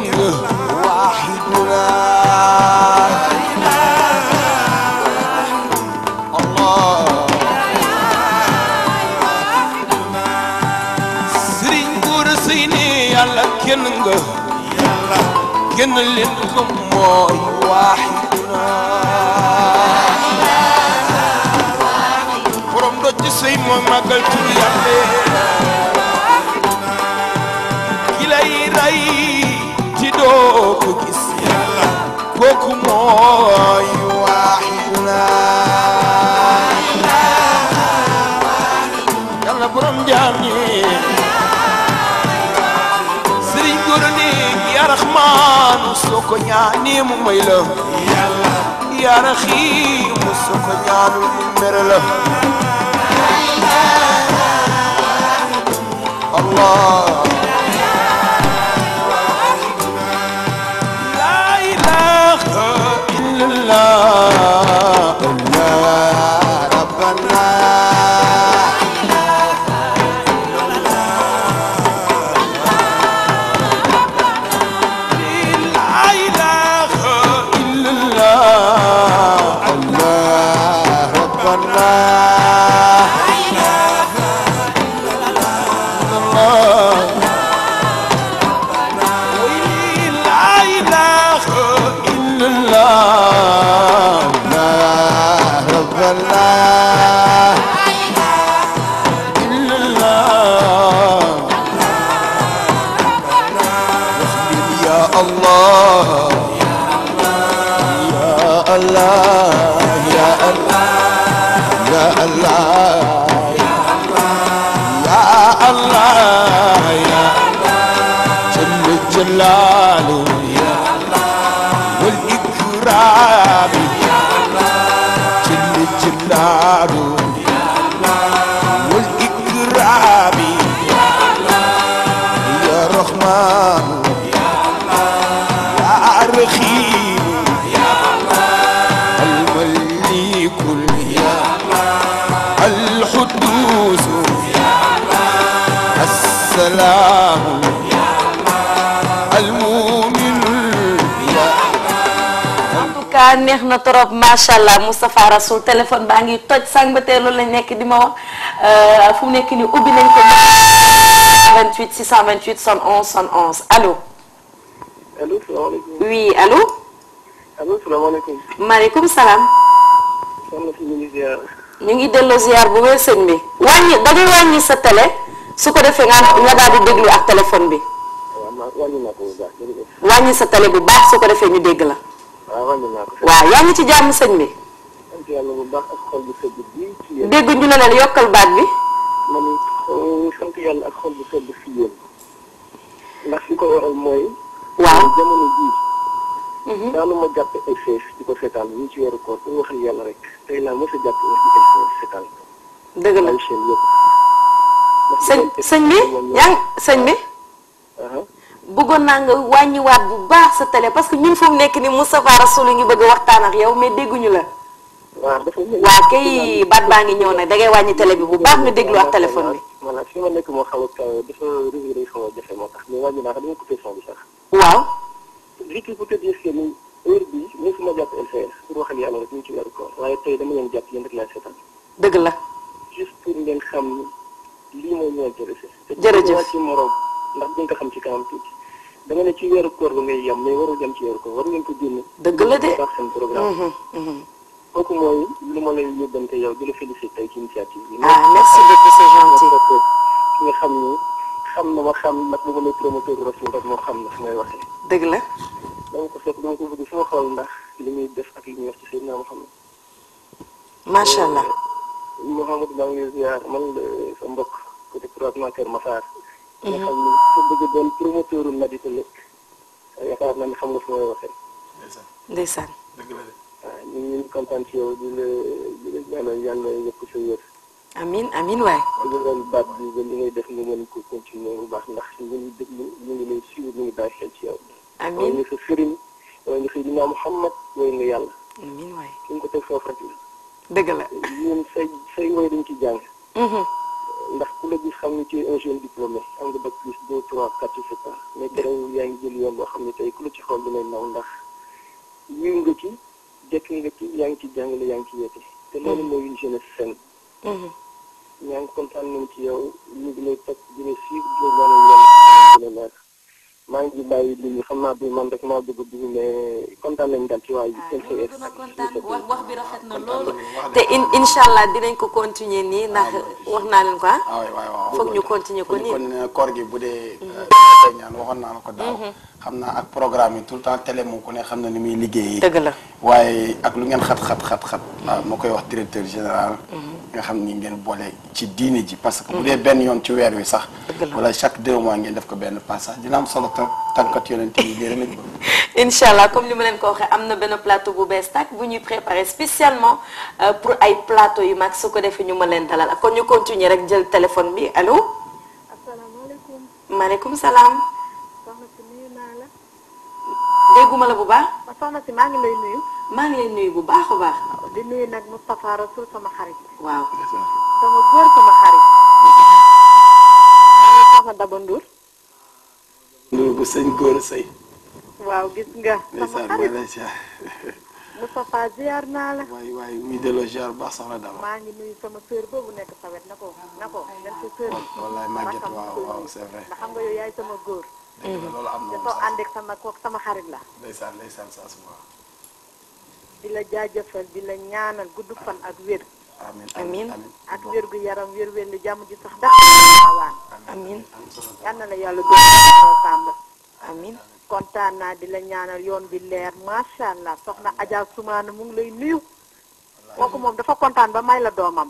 yàlla kenn nga yàlla kenn leen ko mooy waaxiduna borom do ci sëy mooy màggal tur yàlla ki lay ray ci doo ko gis yàlla kooku mooy waaxiduna yàlla borom jaam ñi soo ko ñaanee mu may la yàlla yaa raxiim soo ko ñaanul mu mere la allah la ilaha illallah neex na trop macha allah Moustapha Rasoul téléphone baa ngi toj sànq ba tey loolu lañ nekk di ma wax euh, fu nekk nii ubbi nañ ko. 28 628 111 111 allo. allo salaam. ñu ngi delloo ziar bu wér sëñ bi. wàññi da wàññi sa télé su ko defee nga daal di déglu ak téléphone bi. wàññi sa télé bu baax su ko defee ñu dégg la. waaw yaa ngi ci jàmm sëñ bi. dégg ñu ne leen yokkal baat bi. man euh, sant yàlla ak xol bu sedd si yéen. li ko waral mooy. waaw jamono jii. Mhm. daanuma jàpp ay fees di ko seetaan ñu ci weeru koor yàlla rek tey laa mos a jàpp ay fees seetaan. bi yaa ngi bi. bëggoon naa nga wàññiwaat bu baax sa tele parce que ñun fu mu nekk ni Moustapha Rassoul ngi bëgg a waxtaan ak yow mais dégguñu la. waaw dafa waaw kay baat baa ngi ñëw nag da ngay wàññi tele bi bu baax ñu déglu ak téléphone bi. voilà fi ma nekk moo xaw a dafa réseau day xaw a jafe moo tax mais wàññi ko dama coupé son bi sax. waaw. bu tëddee ni heure bii ñu fi ma jàpp LCS pour waxal yàlla rek ñu ci weeru koor waaye tey dama leen jàpp dëgg la. juste pour ngeen xam lii mooy ñooy jërëjëf. jërëjëf te xam ci kanam danga nga ne ci weeru koor ba ngay yem mais warul dem ci weeru koor war ngeen ko génne. dëgg la de dëgg seen programme. Mhm, mhm. kooku mooy ma lay yóbbante yow di la féliciter tey ci initiative bi. ah merci beaucoup c'est gentil. ki nga xam ni xam na ma xam nag bu ma lay moo xam na fi may waxee. dëgg la. dama ko soog dama ko bëgg sama xol ndax li muy def ak li muy wax ci Seydina Mouhamed. macha allah. Eh, Mouhamed maa ngi ziar man sa mbokk nga mhm. xam ni su bëgg doon promoteur u xam nga fu may de. waaw ñu ngi leen kontaan di la di la ñaanal yàlla yokk sa wér. amiin amiin waay. di la baat bi ba def nga ko continuer bu baax ndax ñu ñu ngi lay suivre ñu ngi bàyyi xel ci yow. amiin waaye nga sa sëriñ waaye nga sa dinaa Muhammad waaye nga yàlla. amiin waay fi nga ko teg foofu rek la. dëgg la ñun say say way dañ ci jàng. Mhm. ndax ku la gis xam ne ci un jeune diplômé am nga bac plus deux trois quatre je sais pas mais terewul yaa ngi jël yoon boo xam ne tey ku la ci xool dinañ naw ndax yiw nga ci jekk nga ci yaa ngi ci jàngale yaa ngi ci yeete te loolu mooy a jeunesse saine mm-hmm. ñaa ngi kontaan nañ ci yow ñu ngi lay teg di la suivre di la maa ngi bàyyi bi xam naa bi man rek maa dugg bi mais kontaan nañu daal ci waa LCS ak wax wax bi rafet na loolu te in incha allah dinañ ko continuer nii ndax wax naa leen ko ah. waaw waaw ñu continuer ko nii kon koor gi bu dee. Mm-hmm. ñaan waxoon naa ko daaw. Mm-hmm. xam naa ak programme yi tout le temps télé moom ku ne xam na ni muy liggéey dëgg la waaye ak lu ngeen xat-xat xat moo koy wax directeur général mm-hmm. nga xam ni ngeen boole ci diine ji parce que bu mm-hmm. dee benn yoon ci weer wi sax wala chaque deux mois ngeen def ko benn passage dina am solo tam tànkat yonent yi lii rek incha allah comme ni ma leen ko waxee am na benn plateau bu bees tàkk bu ñuy euh, ay plateau yu mag ko defee ñu ma leen dalal kon ñu continuer jël téléphone bi allo. asalaamaaleykum maaleykum salaam. dégguma la bu baax. soxna si maa ngi lay nuyu. maa ngi lay nuyu bu baax a baax. di nuyu nag Moustapha Rasoul sama xarit. waaw. sama góor sama xarit. maa ngi soxna Daba Ndour. nuyu bu sëñ góor sëy. waaw gis nga. sama xarit Moustapha ziar naa la. waay waay muy delloo ziar baax soxna Daba. maa ngi nuyu sama sœur boobu nekk sa wet na ko na ko. wallaay màgget waaw waaw c'est vrai. ndax xam nga yow yaay sama góor. loolu am ànd ak sama kook sama xarit la. ndeysaan di la jaajëfal di la ñaanal gudd fan ak wér. amiin ak wér gu yaram wér wér lu jàmm ji sax dara. waaw amiin yal na la yàlla doon amiin kontaan naa di la ñaanal yoon bi leer macha allah soxna Adja Soumane mu ngi lay nuyu. kooku moom dafa kontaan ba may la doomam.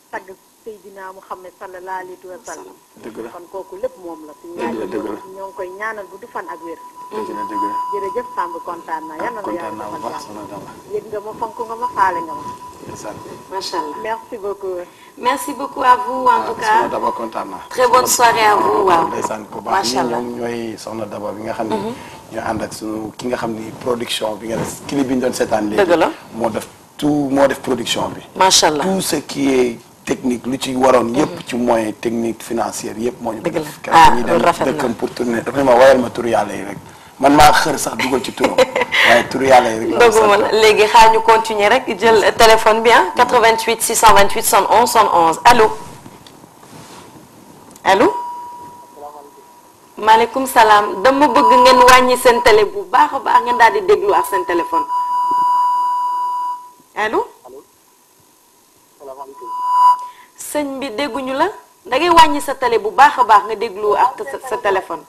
tagg Seydina Muhammad sallallahu alayhi wa sallam kon kooku lépp moom la suñu ñaari ñoo ngi koy ñaanal bu du fan ak wér jërëjëf Samb kontaan naa yal na la yàlla yëg nga ma fonk nga ma faale nga ma macha allah merci beaucoup merci beaucoup à vous en ah, tout cas soxna Daba kontaan naa très bonne soirée à vous waaw ndeysaan ku baax ñi ñoom ñooy soxna Daba bi nga xam ne mhm. ñoo ànd ak suñu ki nga xam ni production bi nga def clip bi ñu doon seetaan léegi moo def tout moo def production bi macha allah tout ce qui est technique lu ci waroon mm. yëpp ci moyen technique financière yëpp moo ñu ko def keroog ah, ñu dem pour tourner daf ma wayal ma tour yalla rek man ma xër sax duggal ci tour waye tour yalla rek doguma légui xañu continuer rek jël téléphone bi 88 628 111 111 allo allo maaleykum salam dama bëgg ngeen wañi sen télé bu baax baax ngeen daal di déglu ak sen téléphone allô sëñ bi dégguñu la da ngay wàññi sa télé bu baax a baax nga déglu ak sa téléphone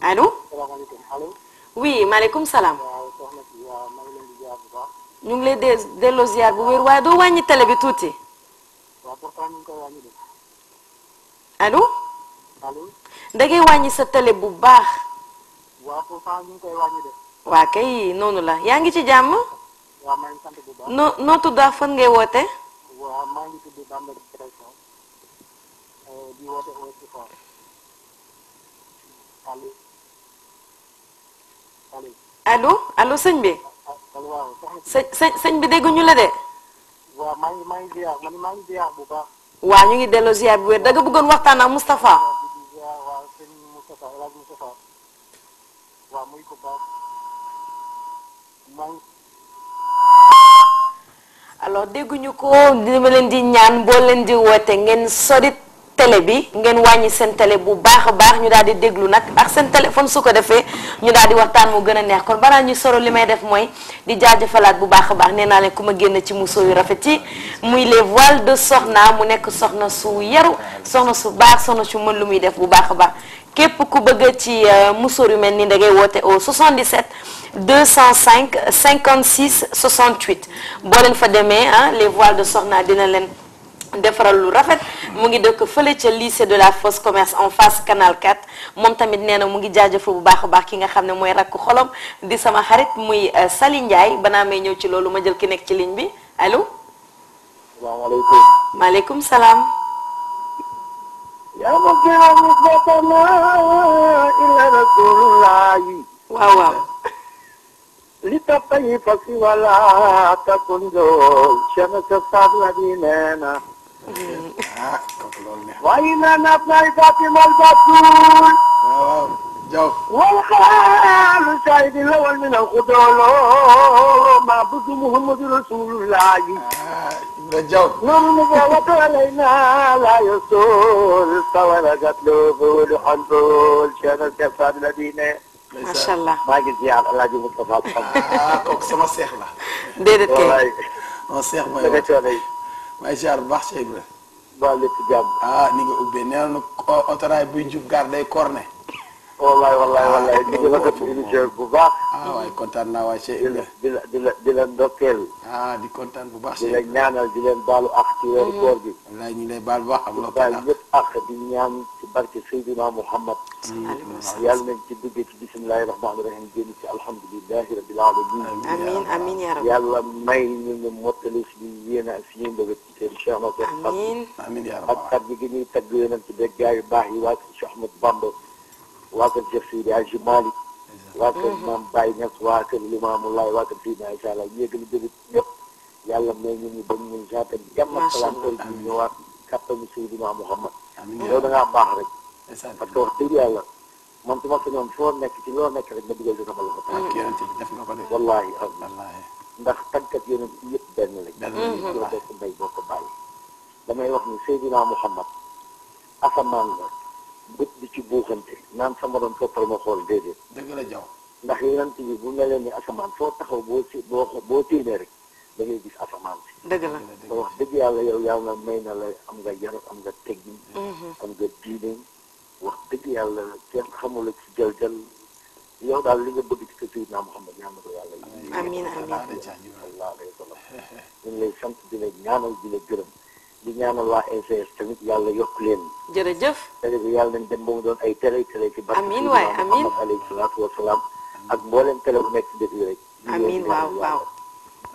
allo. oui maaleykum salaam. ñu ngi lay dee delloo ziar bu wér waaye doo wàññi télé bi tuuti. allo. da ngay wàññi sa télé bu baax. waa kay noonu la yaa ngi ci jàmm. noo noo tudd ak ngay woote. waaw maa ngi tudd Bamba Diatta eh, sëñ bi. waaw sëñ bi la de. waaw maa ngi ñu ngi delloo ziar bu wér da bëggoon waxtaan ak Moustapha. alors dégguñu ko ni ma leen di ñaan boo leen di woote ngeen sori télé bi ngeen wàññi seen télé bu baax a baax ñu daal di déglu nag ak seen téléphone su ko defee ñu daal di waxtaan mu gën a neex kon balaa ñu soro li may def mooy di jaajëfalaat bu baax a baax nee naa leen ku ma génn ci muso yu rafet yi muy les voiles de soxna mu nekk soxna su yaru soxna su baax soxna su mën lu muy def bu baax a baax képp ku bëgg ci euh, musóor yu mel ni da ngay woote au 77 205 56 68 boo leen fa demee ah les voiles de Soxna dina leen defaral lu rafet mu ngi dëkk fële ca lycée de la Fosse commerce en face canal 4 moom tamit nee na mu ngi jaajëfal bu baax a baax ki nga xam ne mooy rakk xolom di sama xarit muy euh, Sali Ndiaye banaa may ñëw ci loolu ma jël ki nekk ci ligne bi allo. salaamaaleykum. maaleykum salaam. yaa ma gënoon ñu boppam ila rasulillahi. waaw waaw. li topp yi fas yi wala takundoo. Cheikh sa saaf la di nee ah, na. ah loolu la. waaye nee na Faye Fatima Batour. waaw Diaw. wal xaalu sayyidi lawal min al xudooloo ma bëgg Muhammadu Rasulullahi. não Ah, ninguém o Benel, o outro não o Benjub, guarda aí, corne. wallaay wallaay wallaay di nga bëgg émission bu baax. ah waay kontaan naa waay Cheikh Ibrahima. di la di la di la ndokkeel. ah di kontaan bu baax. Cheikh di la ñaanal di leen baalu ak ci weeru koor gi. wallaay ñu lay baal bu baax am loo xam ñëpp ak di ñaan ci barke Seydina Mouhamad. yàlla nañ ci duggee ci bisimilahi rahmaani rahim génn ci alhamdulilahi rabil alamin. amiin amiin yaa rabbi yàlla may ñu ñu mottali suñu yéene ak suñu mbëgg ci seen Cheikh Ahmad. amiin amiin yaa rabbi ak kat gi ñuy tagg yonent bi gaa yu baax yi waa ci Cheikh Ahmad Bamba واكل جسيد عجي مالك واكل مام باي نفس واكل الإمام الله واكل فينا إن شاء الله يقل جبت يق يالا ميني بني إن شاء الله يما السلام عليكم يواك كابتا مسيدنا محمد يونا غا بحرك فتوح تيري يالا من تما سنوان فور نكت لو نكت نبي جلزنا بالله والله أزم ndax tagkat yonent bi yëpp benn lañ yoo def mbay boo ko bàyyi damay wax ni sayidina muhammad asamaan nga bët bi ci buuxante naan sama doon toppal ma xool déedéet. dëgg la jaw ndax yonent bi bu melee ni asamaan foo taxaw boo si boo boo tiimee rek da ngay gis asamaan si. dëgg la ba wax dëgg yàlla am yàlla may na la am nga yar am nga teggin. Mhm. am nga diine wax dëgg yàlla kenn xamul ci jël-jël yow daal li nga bëgg ci Seydina Muhammad ñaan na ko yàlla. amiin amiin sallallahu alayhi wa sallam ñu ngi lay sant di la ñaanal di la gërëm. di ñaanal waa SOS tamit yàlla yokk leen. jërëjëf. télé bi yàlla nañ dem ba doon ay télé télé ci barke. amiin waay amiin alayhi salaatu wa salaam ak mboolem télé bu nekk ci dëkk waaw waaw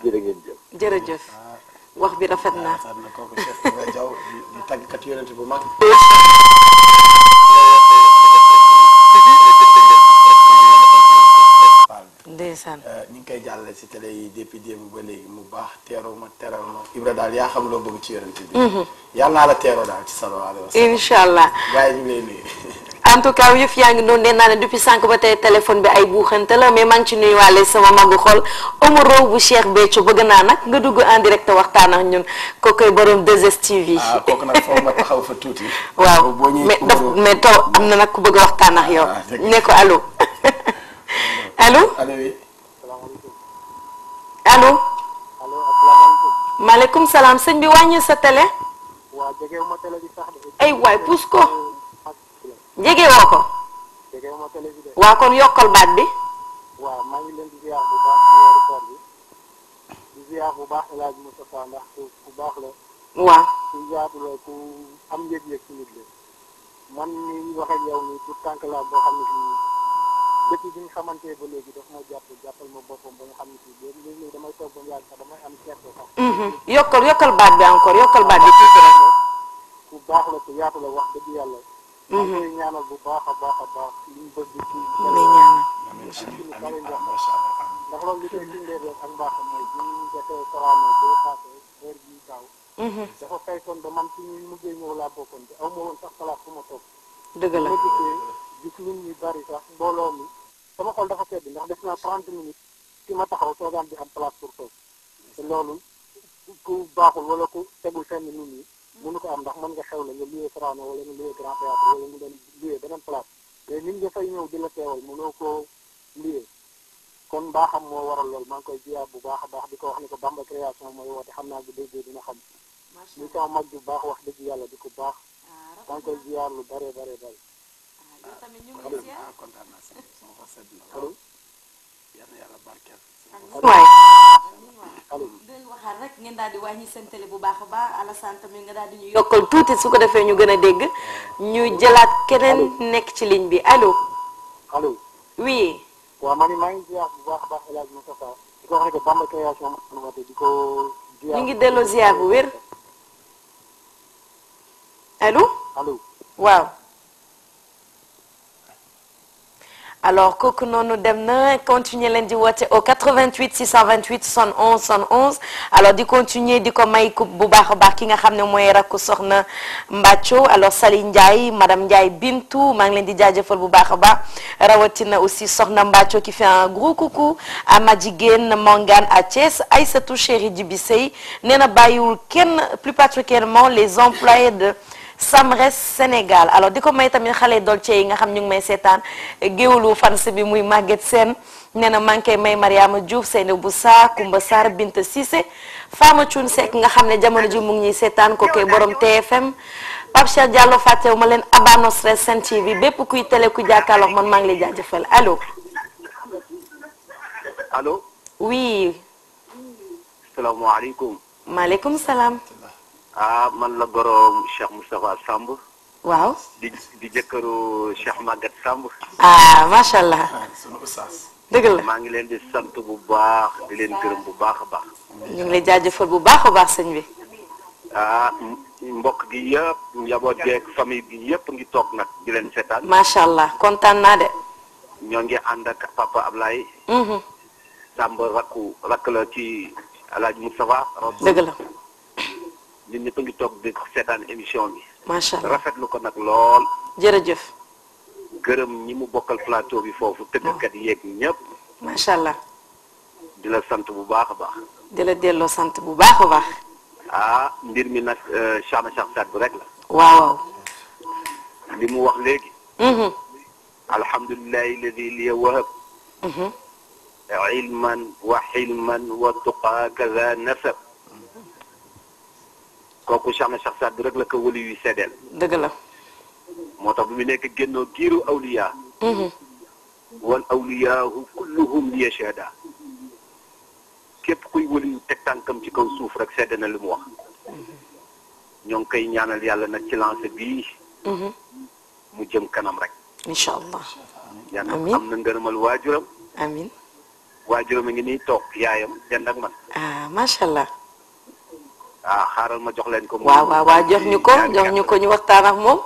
jërë ngeen wax bi rafet na. na kooku Cheikh Ibrahima Diaw di bu mag. ndeysaan euh, ñu ngi koy jàllale si télé yi depuis démb ba léegi mu baax teeroo ma teral ma Ibra daal yaa xam loo bëgg ci yorante bi mhm. yàlla naa la teeroo daal ci sallallahu alayhi wa sallam incha allah waaye ñu ngi lay nuyu en tout cas yëf yaa ngi ba tey téléphone bi ay buuxante la mais maa ngi ci nuyuwaale sama magu xol Omar Row bu Cheikh Béthio bëgg naa nag nga dugg en direct waxtaan ak ñun kookoy borom 2STV. ah kooku nag foofu ma taxaw fa tuuti. waaw mais daf am na nag ku bëgg a waxtaan ak yow. Ah, ne ko allo. alo oui. allo. allo asalaamaaleykum. maaleykum salaam sëñ bi wàññi sa télé. waaw jege ma télé bi ko. jege woo ko. jege ma télé bi de. waaw kon yokkal bi. waaw maa ngi leen di ziar bu baax ci weeru koor di ziar bu baax El Hadj Moustapha ndax ku baax la. waaw ku yaatu la ku am yëg-yëg ci nit la. man mii wax ak yow nii laa boo xam depuis bi ñu xamante ba léegi daf ma jàpp jàppal ma boppam ba nga xam ne si léeg-léeg damay toog ba mu yàgg sax damay am gerte sax. yokkal yokkal baat bi encore yokkal baat bi tuuti rek. ku baax la ku yaatu la wax dëgg yàlla. maa ngi koy ñaanal bu baax a baax a baax li mu bëgg ci. maa ngi ñaanal ci lu bari ndax loolu li koy dindee rek ak mbaax mooy ñu boo paasee heure bii dafa ba man ñuy mujjee ñëw laa bokkoon te aw ma woon sax place fu ma toog. dëgg la gis nit ñi bari sax mbooloo mi. sama xol dafa sedd ndax def naa 30 minutes ki ma taxaw soogaan bi am place pour toog te loolu ku baaxul wala ku tegul fenn nit ñi mënu ko am ndax mën nga xew la nga luyee Sorano wala nga luyee Grand Théâtre wala nga doon beneen place mais nit nga fay ñëw di la teewal mënoo koo luyee kon am moo waral loolu maa ngi koy jiyaat bu baax a baax di ko wax ni ko Bamba création mooy woote xam naa bu déggee dina xam li sama mag bu baax wax dëgg yàlla di ko baax ah, maa ngi koy lu bare bare bare tamit ah, ngeen daal di wàññi seen bu baax a baax Alassane tamit nga daal di yokkal tuuti su ko defee ñu gën a dégg ñu jëlaat keneen nekk ci ligne bi allo. allo oui. ngi ziar bu ñu ngi delloo ziar bu wér waaw. alors coucou nous Demna, continuez continuer au 88 628 111 111. alors di continuer di comme may bu ki nga xam moy soxna alors Saline Ndiaye madame Ndiaye Bintou manglendi len di jaajëfal bu aussi soxna qui fait un gros coucou à Madigene Mangan, Mangane à Aïssatou chérie du nee na plus particulièrement les employés de. Samres Sénégal alors di ko may tamit xale dolce yi nga xam ñu ngi may seetaan géwlu fans bi muy màgget seen nee na manqué may Mariama Diouf Seyna bu Sa Kumba Sarr Binta Cissé Fama Thioune Seck nga xam ne jamono ji mu ngi ñuy seetaan kokoy borom TFM Pape Cheikh Diallo fàttewu ma leen abano stress Sen TV bépp kuy tele ku jàkkaarloo man maa ngi lay jaajëfal allo. allo. oui. salaam. ah man la borom cheikh moustapha samb waaw di di jëkkëru cheikh magat samb ah macha allah ah, sunu oustaz dëgg la maa ngi leen di sant bu baax di leen gërëm bu baax baax ñu ngi lay jaajëfal bu baax baax sëñ bi ah mbokk gi yëpp njaboot geeg famille bi yëpp ngi toog nag di leen seetaan macha allah kontaan naa de ñoo ngi ànd ak papa Ablaye mhm. samb rakku rakk la ci alaaj moustapha dëgg la ñun ñëpp a ngi toog di seetaan émission bi. macha allah rafetlu ko nag lool. jërëjëf. gërëm ñi mu bokkal plateau bi foofu. tëggkat yeeg ñëpp. macha allah. di la sant bu baax a baax. di la delloo sant bu baax a baax. ah mbir mi nag Cheikhna Cheikh Sadbou rek la. waaw. li mu wax léegi. alhamdulilah alladi liya wahab. ilman wa xilman wa tuqaa kaza nasab. kooku Cheikh na Cheikh Saad rek la ko wali seddeel dëgg la moo tax bu mu nekk génnoo giiru awliya mhm. wal awliyaahu kulluhum liya shahada képp kuy wali yu teg tànkam ci kaw suuf rek sedd na li mu wax mhm. ñoo ngi koy ñaanal yàlla nag ci lancé bii mhm. mu jëm kanam rek incha allah yàlla am na ngërëmal waajuram amin waajuram a ngi nii toog yaayam dend ak ah macha ah ma jox leen ko. waaw waaw waaw jox ñu ko jox ñu ko ñu waxtaan ak moom.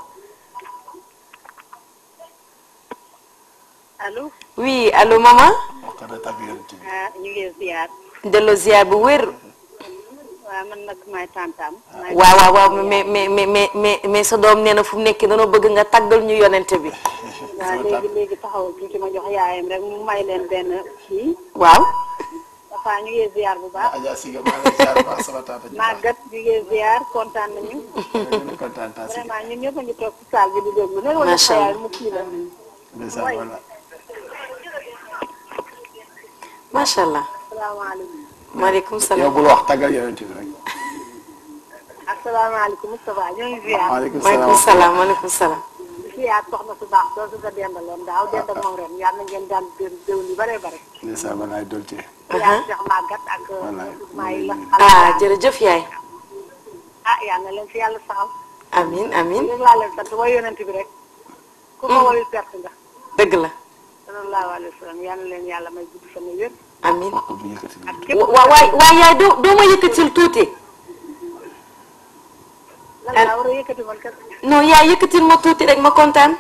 allo. oui allo mama. Ah, ñu ngi delloo ziar bu wér. waaw man nag maay tantam. waaw waaw waaw mais mais mais mais mais sa doom nee na fu mu nekk danoo bëgg nga taggal ñu yonente bi. waaw léegi léegi taxaw tuuti ma jox yaayam rek mu may leen benn waaw. Moustapha ñu ngi ziar bu baax. Adja Siga maa ngi ziar bu baax sama tante. Maguette ñu ngi ziar kontaan nañu. kontaan naa Siga vraiment ñun ñëpp a ngi toog ci saal bi di déglu. macha allah mu kii la. macha allah. salaamaaleykum. maaleykum salaam yow bul wax tàggal yonent bi rek. asalaamaaleykum Moustapha ñoo ngi ziar. maaleykum salaam maaleykum salaam. kii ak soxna su baax soo su sa dendaloon daaw dendal moom ren yàlla na ngeen daan dén déw yu bëree bëri ndeysaan walaay dolce yaa seex màggat ak may euh, la ah ah yaa ah, fi yàlla saxal amin amin rek laa leen sant mooy yonent bi rek ku ko mhm. woyul perte nga dëgg la sallallahu wa sallam yal na leen yàlla may gudd ah, ma non yaay yëkkatil ma tuuti rek ma kontaan.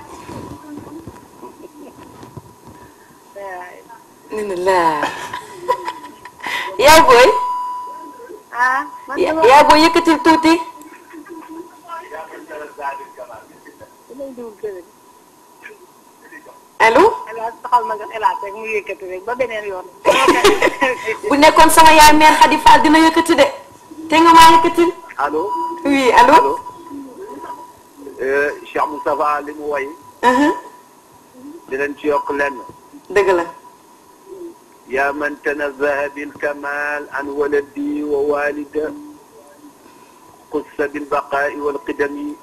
nee laa yaay booy. yaay booy yëkkatil tuuti. allo. bu nekkoon sama yaay mère Khady dina yëkkati de te nga maa yëkkatil. allo. oui allo allo. Cheikh Moustapha li mu woy. dinañ ci yokk lenn. dëgg la. yaa man tanazaha bil kamal an waladi wa walida qussa bil baqaai wal qidami.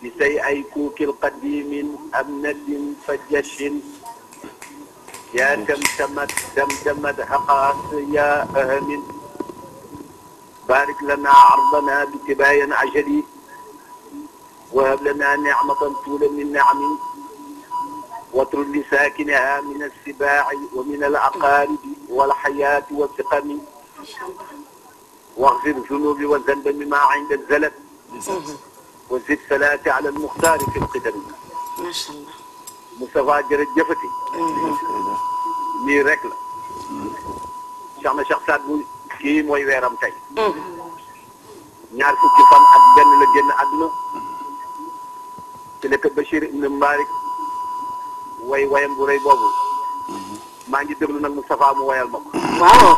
bi say ay kuukil qadimin am nadin fa jashin yaa dam damad dam damad xaqaas yaa ahamin بارك لنا عرضنا باتباع عجلي وهب لنا نعمة طولا من نعم واترد لساكنها من السباع ومن الأقارب والحياة والسقم واغفر الذنوب والذنب مما عند الزلف وزد صلاة على المختار في القدم ما شاء الله مصطفى جرد جفتي rek شعنا شخصات بوي kii mooy weeram tey ñaar fukki fan ak benn la génn àdduna ci la ko Bachir ibn Mbarik way wayam bu rëy boobu maa ngi déglu nag Moustapha mu wayal ma ko waaw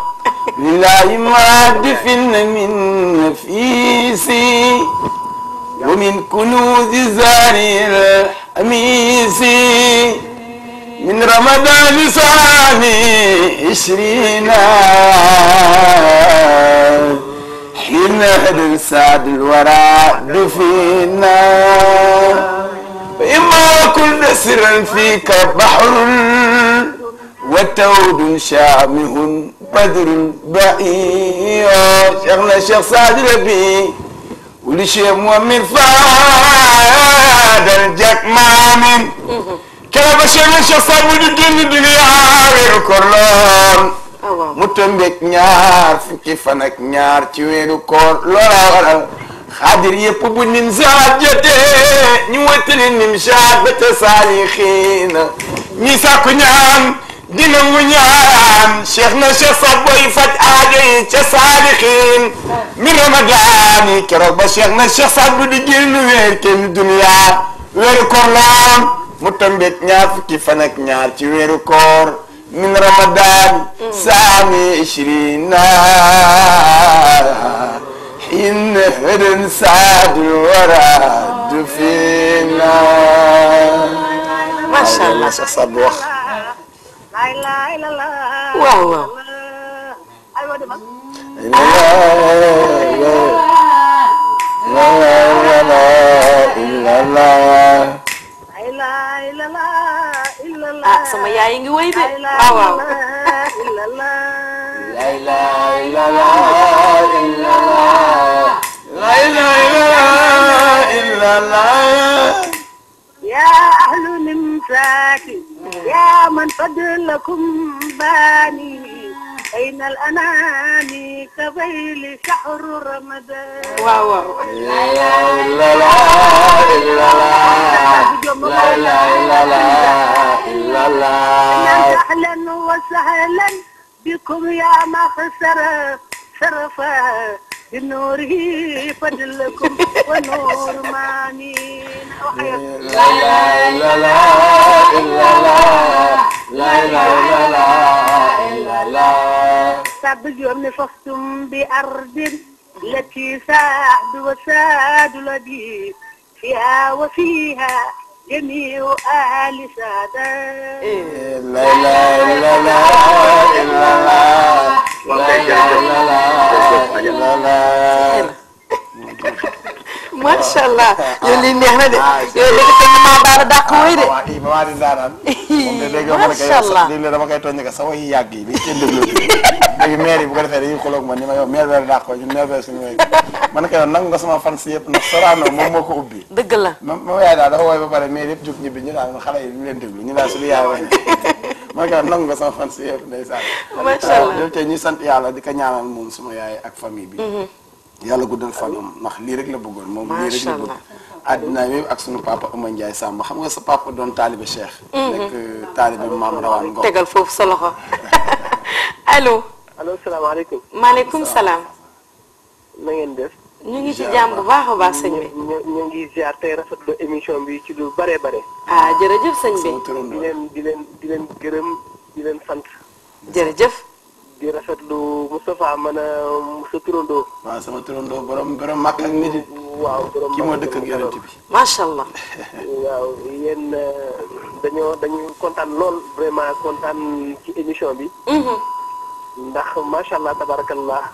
lillahi maadifin min nafisi wa min kunuzi zari al amisi من رمضان صامي عشرين حين هدر سعد الورى دفينا فإما كل سر فيك بحر وتود شامه بدر بعيد شغل الشيخ سعد ربي ولشيخ مؤمن فادر جاك مامن kere ba Cheikh Cheikh Sall mu di génn di weeru koor mu tëmbeeg ñaar fukki fan ak ñaar ci weeru koor loolaa waral xaadir yëpp bu nim saat jotee ñu wëttali nim saat ba ca saalixiina ñi sàkku ñaan dina mu ñaan cheikh na cheikh na cheikh sa bu di génn weeru koor mu tombeek ñaar fukki fan ñaar ci weeru koor min ramadan saami ishrina in hëdën saadu waraadu fiina masha allah sa sab wax waaw waaw la la la ah sama yaay yi ngi wéy de ah, waaw waaw yaa ahlu nimsaaki yaa man fadlakum baani أين الأناني كبيل شعر رمضان واو لا لا لا إلا لا لا لا لا لا لا إلا لا أهلا وسهلا بكم يا ما خسر شرفا بنوره فضلكم ونور مانين وحياكم لا لا إلا لا إلا لا لا لا لا لا سبجون فصتم بأرض التي سعد وساد لدي فيها وفيها جميع أهل سادات لا لا لا لا macha allah yow lii neex na de yow léegi te ñu maa baara dàq wooy de waaw kii ma maa di daanaan macha allah léegi dama koy tooñ ne ko sa way yàgg yi bi kenn déglu léegi maire yi bu ko man ni ma yow maire weer dàq ko ñun maire weer suñu man na ko yow nangu nga sama fan si yëpp ndax Sorano moom moo ko la ma ma yaay daal dafa wooy ba pare maire yëpp wax na ko yow nangu nga sama fan si yëpp ndeysaan macha allah dol sant yàlla di ko ñaanal moom yaay ak famille bi mm-hmm. yàlla guddal fanam ndax lii rek la bëggoon moom lii rek la bëgg bi ak sunu papa Oumar Ndiaye xam nga sa papa doon taalibe Cheikh mm-hmm. nekk euh, taalibe maam rawaan tegal foofu sa loxo allo allo salaamaaleykum. maaleykum salaam. na ngeen def. ñu ngi ci jàmm bu baax a baax sëñ bi. ñu ngi ziar tey rafetlu émission bi ci lu bare bare. ah jërëjëf sëñ bi. di leen di leen di leen gërëm di leen sant. jërëjëf. di rafetlu Moustapha man euh, sa turandoo. waaw sama turandoo borom borom màkk ak nit waaw borom màkk ki di dëkk bi. macha allah. waaw yéen euh, dañoo dañuy kontaan lool vraiment kontaan ci émission bi. Mhm. ndax macha allah tabarakallah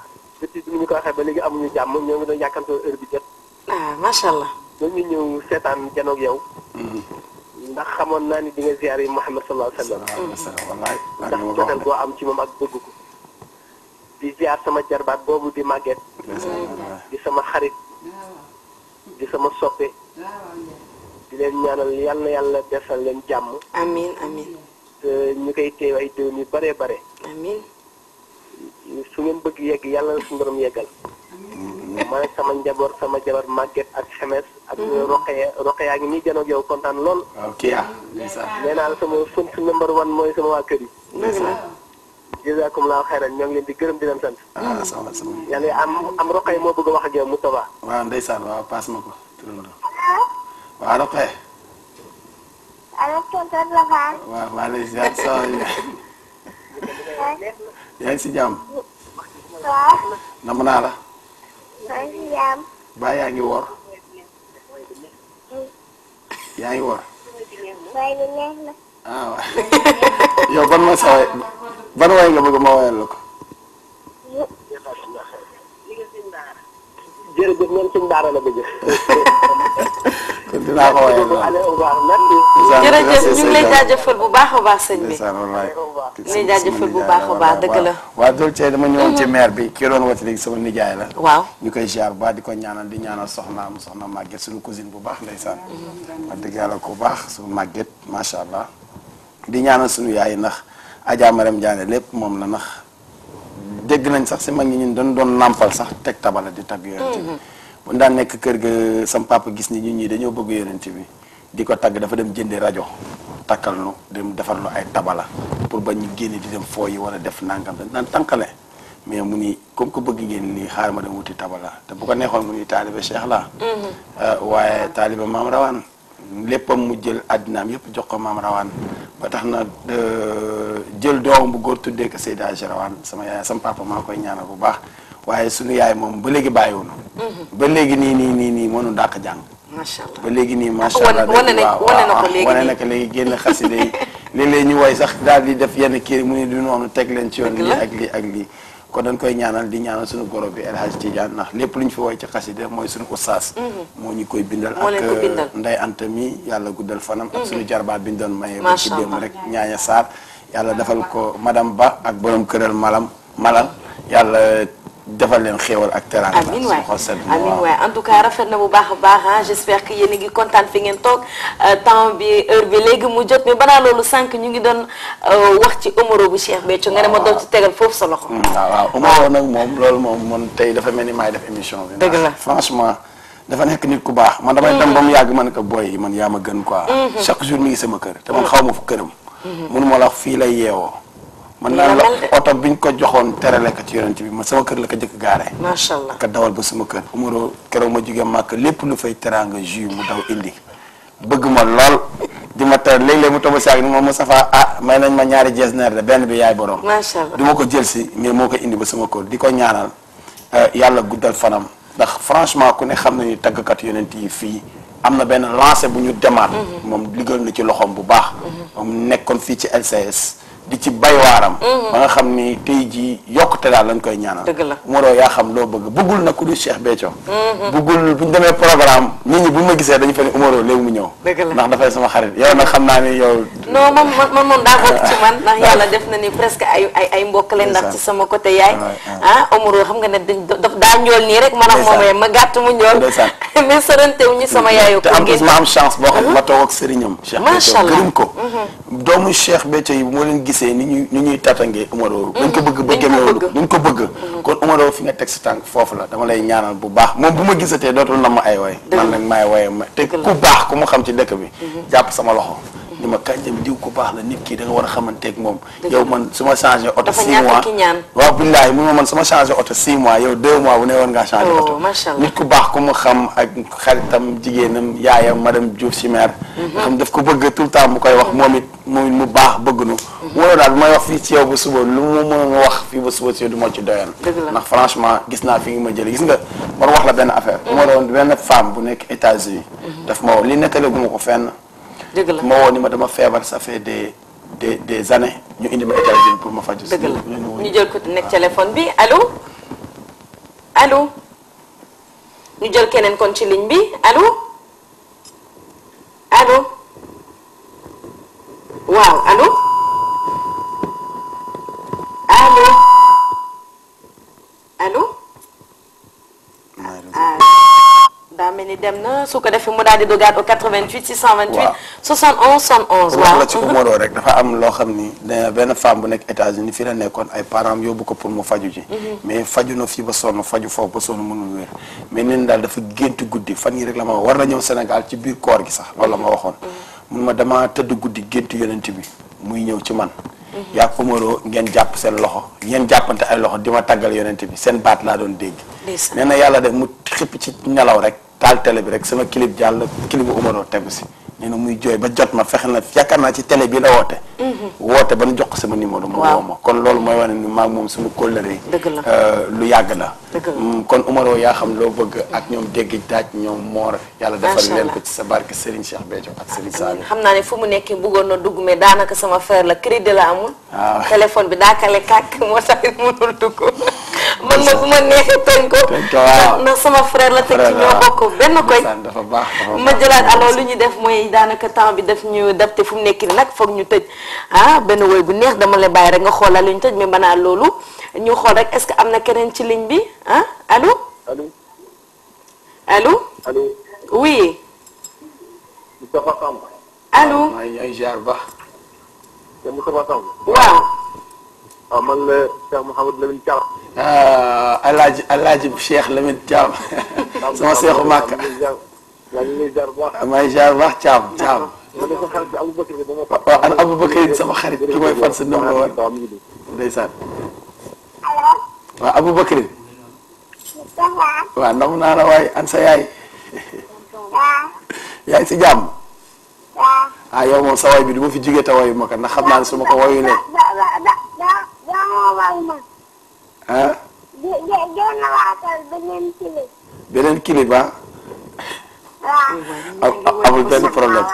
depuis bi ñu ko waxee ba léegi amuñu jàmm ñoo ngi doon yàkkantoo heure bi jot. ah macha allah. ñu ñëw seetaan janoog yow. Mm-hmm. ndax xamoon naa ni di nga yi Muhammad la alayhi wa sallam. ndax am ci moom ak bëgg ko. di ziyaar jarbaat boobu di màgget. di sama xarit. di sama soppe. di leen ñaanal yàlla na yàlla defal leen jàmm. amiin amiin. ñu koy teew ay déwén yu bare bare. amiin. su bëgg yegg ya, yàlla la suñu borom yeggal man sama njaboot sama jabar màgget ak xemes ak roqee roqeyaa ngi nii janoog yow kontaan lool ok ya, nee naa la sama sunt number one mooy sama waa kër yi jazakumullahu xayran ñoo ngi leen di gërëm di leen sant ah sama sama yàlla am am roqee moo bëgg a wax ak yow Moustapha waaw ndeysaan waaw paas ma ko waaw roqee waaw maa lay ziar yaa ngi si jàmm. waaw. nam naa la. maa ngi si jàmm. baa yaa ngi woor. yaa ngi woor. waaye lu neex la. ah waaw yow ban ma sa waay ban waay nga bëgg ma la ko. jërëjëf ñoom dinaa ko wayal lool jërëjëf ñu ngi lay bu baax baax sëñ bi. ñu lay jaajëfal bu baax a bi ki doon woote léegi nijaay la. waaw ñu koy ziar bu di ko ñaanal di ñaanal soxnaam soxna Maguette suñu cousine bu baax ndeysaan. Mm-hmm. wax dëgg yàlla ku baax suñu Maguette macha allah. di ñaana suñu yaay nax Adja Marème Diané lépp moom la nax dégg nañ sax si mag ñi ñun dañu doon nàmpal sax teg tabala di tagg yonent bi bu mm-hmm. daan nekk kër ga sam papa gis ni ñun ñi dañoo bëgg yonent bi di ko tagg dafa dem jëndi rajo takkal nu dem defar nu ay tabala pour ba ñu génne di dem foo yi wala def nangam dañ daan tànkale mais mu ni comme que bëgg ngeen nii xaar ma dem wuti tabala te bu ko neexoon mu ni taalibe Cheikh mm-hmm. ah, waaye taalibe maam rawaan léppam mu jël àddinaam yëpp jox ko maam rawaan ba tax na jël doom bu góor tuddee ko Seydi Aji rawaan sama yaay sama papa maa koy ñaanal bu baax waaye sunu yaay moom ba léegi bàyyiwu na mm-hmm. ba léegi nii nii nii nii mënu dàq jàng macha allah ba léegi nii macha allah wane na wane na ko génn xasida yi léeg ñu woy sax daal di def yenn kii mu ne du noonu teg leen ci yoon lii ak lii ak lii kon dañ koy ñaanal di ñaanal suñu goro bi El Hadj Tidiane ndax lépp lu ñu fi woy ci xasida mooy ko saas mhm. moo ñu koy bindal ak nday euh, anta yàlla guddal fanam ak mhm. suñu jarbaa bi ñu doon maye ba ci démb rek ñaaya saar yàlla defal ko madame Ba ak bonoom këral malam malam yàlla defal leen xéewal ak teranga amiin waay amiin en tout cas rafet na bu baax a baax ah j'espère que yéen a ngi kontaan fi ngeen toog euh, temps bi heure bi léegi mu jot mais balaa loolu sànq ñu ngi doon euh, wax ci omoro bu Cheikh Béthio nga ne ma doon ci tegal foofu sa loxo. Mm, waaw waaw omoro nag loolu moom man tey dafa mel ni maay def émission bi. dëgg la franchement. dafa nekk nit ku baax man damay dem ba mu mm. yàgg man ko boy man yaa ma gën quoi. Mm-hmm. chaque jour mi ngi sama kër te man mm-hmm. xaw ma fu këram. Mm-hmm. mënu ma la wax fii lay yeewoo. man naa la oto biñ ko joxoon terale ko ci yonent bi man sama kër la ko jëkk gaare macha allah ka dawal ba sama kër umaro keroog ma jóge màkk lépp lu fay teraanga jus mu daw indi bëgg ma lool di ma teral léeg-léeg mu toba saag ni moom Moustapha ah may nañ ma ñaari jees neer de benn bi yaay borom macha allah ko jël si mais moo ko indi ba sama kër di ko ñaanal euh, yàlla guddal fanam ndax franchement ku ne xam nañu tàggkat yonent yi fii am na benn lancé bu ñu demaat mm-hmm. moom liggéey na ci loxoom bu baax mm-hmm. nekkoon fii ci LCS di ci bay waaram mm-hmm. ba nga xam ni tey jii yokkute daal lañ koy ñaanal Omaro yaa xam loo bëgg bëggul na ku du Cheikh Béthio mm-hmm. bëggul bu ñu demee programme nit ñi bu ma gisee dañu fe ne Omaro léegi mu ñëw ndax dafay sama xarit yow nag xam naa ni yow non moom man moom daa bokk ci man ndax yàlla def na ni presque ay ay ay mbokk leen ndax ci sama côté yaay ah Omaro xam nga ne daf daa njool nii rek man ak moom ma gàtt mu njool ma sorante wu ñu sama yaayu ko gën ma am boo xam ma uh-huh. toog ak sëriñam Cheikh Béthio gërëm ko mm-hmm. gisee ni ñuy ni ñuy tatangee Omaro dañ ko bëgg ba gémmeewul dañ ko bëgg mm-hmm. kon Omaro fi nga teg sa tànk foofu la dama lay ñaanal bu baax moom bu ma gisatee dootul na ma ay woy man nag maay woye ma te ku baax ku mu xam ci dëkk bi mm-hmm. jàpp sama loxo ni ma kañ dem diw ku baax la nit kii da nga war a xamanteeg moom yow man su ma changé oto six mois waaw billaahi mun ma man ma changé oto six mois yow deux mois bu ne war oh, ma xam ak si maire mhm. xam ko bëgg tout le temps mu koy wax moom it moom baax bëgg nu wala mhm. daal bu may wax fii ci yow ba suba lu mu mën a wax fii ba suba ci yow du ma ci ndax franchement gis naa fi ngi ma jële gis nga war wax la benn mhm. a moo doon benn femme bu nekk États-Unis daf ma li nettali bu ko fenn moi je ça fait des des des années ñu indi pour ma faju du ñu jël téléphone Allô? Allô? allô ñu jël keneen kon ci ligne Allô? allô allô? Allô? Allô? Allô? Allô? daa mel su ko defee mu daal di dogaat au 88 628. waaw waaw rek dafa am loo xam ni benn femme bu nekk États-Unis fii la nekkoon ay parents yóbbu ko pour mu faju ji. Mhm. mais faju na fii ba sonn faju foofu ba sonn mënul wér. mais nee daal dafa gént guddi fan yi rek la ma war na ñëw Sénégal ci biir koor gi sax loolu la ma waxoon. Mhm. mun ma dama tëdd guddi gént yonent bi muy ñëw ci man. Mhm. yaa ak Omaro ngeen jàpp seen loxo ngeen jàppante ay loxo di ma tàggal yonent bi seen baat laa doon dégg. nee na yàlla def mu xëpp ci nelaw rek. taal télé bi rek sama clip jàll clip bu Omaro tegu si nee na muy jooy ba jot ma fexe na yaakaar naa ci tele bi la woote. Mhm. woote ba nu jox ko sama numéro. mu woo ma kon loolu mooy wane ni maag moom suñu kóllëre. dëgg la euh, lu yàgg la. Mm, kon Umaro yaa xam loo bëgg ak ñoom dégg daaj ñoom moor yàlla defal leen ko ci sa barke Serigne Cheikh Béthio ak Serigne Saliou xam naa ne fu mu nekk bëggoon na dugg mais daanaka sama frère la crédit la amul waaw ah. bi daakale kàkk moo tax mënul dugg man nag ma neexee tooñ ko ndax sama frère la te ci ñoo bokk benn koy dafa baax ma jëlaat alors lu ñu def mooy daanaka temps bi daf ñu def fu mu nekki nii nag foog ñu tëj ah benn woy bu neex dama la bàyyi rek nga xool lu ñu tëj mais banaa loolu ñu xol rek est-ce que am keneen ci ligne bi ah allô. allô allô. oui. Moustapha Samb. allô maa ay jaar ba te Moustapha Samb. waaw. waaw man la Cheikh Mouhamed Lamine ah alaaji alaaji Cheikh Lamine Thiam. sama cheikh màkk. maa ngi lay ziar baax. أنا أبو بكر baax Thiam Thiam. man de sama xarit Aboubacar bi dama. waa abu waaw nam naa la waay an sa yaay yaay si jàmm ah yow moom sa waay bi du ma fi jigee te ma ko ndax xam naa ne su ma ko wayulee ah beneen kilib ah amul benn problème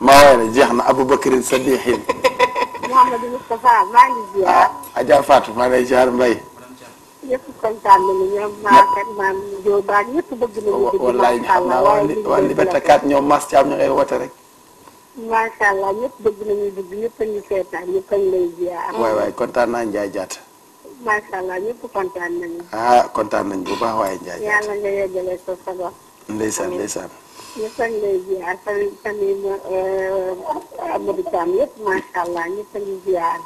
ma waay la jeex na Aboubacry Sadikhin Mouhamadou Moustapha maa ngi ziar. Ah, Adja Fatou maa ngi lay ziar Mbaye. ñëpp kontaan nañu ñoom Maakat maam Diop ak ñëpp bëgg nañu. di wallaay xam ñu ngay woote a ñu seetaan ñëpp a ñu kontaan naa Ndiaye Diatta. macha kontaan nañu. ah kontaan nañu bu baax waaye Ndiaye Diatta. yàlla sa ñëppale ziar tamit tamit Amadou Thiam masalahnya macha allah ñëppale ziar.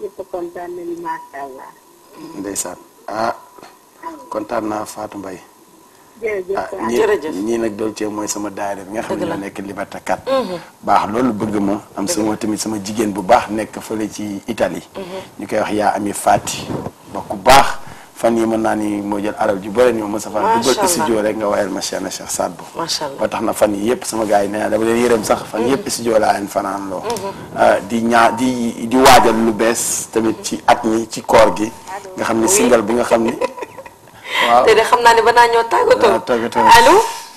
itu kontan wallaay. masalah. desa ah kontan naa Fatou Mbaye. Ya, ya, ya. jërëjëf jërëjëf ñii nag dool sama daayira nga xam ne nekk Liberté 4. Mhm. baax loolu bëgg ma am sama tamit sama jigéen bu baax nekk ci Italie. Mhm. wax ami Fati ba ku fan yi mën ni jël arab ji bëri ni ma Moussa Fall ci studio rek nga wayal ma Cheikh Cheikh Allah. ba tax na fan yi yëpp sama gaay yi nee naa leen yërem sax fan yëpp mm-hmm. studio laa leen fanaan loo mm-hmm. ah, di ñaa di di wajal lu bees tamit ci at ni ci koor gi nga xamni single bi nga xamni waaw té de xamna ni ne ba naa ñoo tàggatoo ah, tàggatoo allo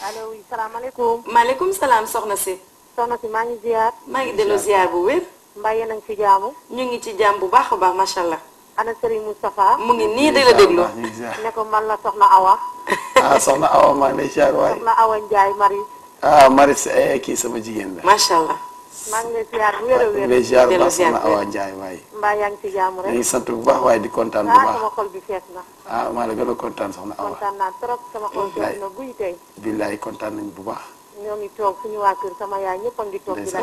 allo oui salaamaaleykum maaleykum salam soxna si soxna si ma ngi ziar ma ngi delo ziar bu wër mbaye nang ci jaamu ñu ngi ci jaam bu baax baax sha allah ana Serigne mu ngi nii de la déglu ne ko man la Soxna Awa. ah Soxna Awa maa ngi lay ziar waay. Soxna Awa Ndiaye Marie. ah Marie eh, kii sama jigéen la. macha allah. maa ngi lay ziar bu wér a wér. lay ziar bu Soxna Awa Ndiaye waay. mbaa yaa ngi ci jàmm rek. bu baax waaye di kontaan bu ah, baax ah, maa la gën a kontaan Soxna Awa. kontaan na guy tey. billaay kontaan nañu bu baax. ñoom ñu toog suñu waa kër sama yaay ñëpp a ngi toog. di la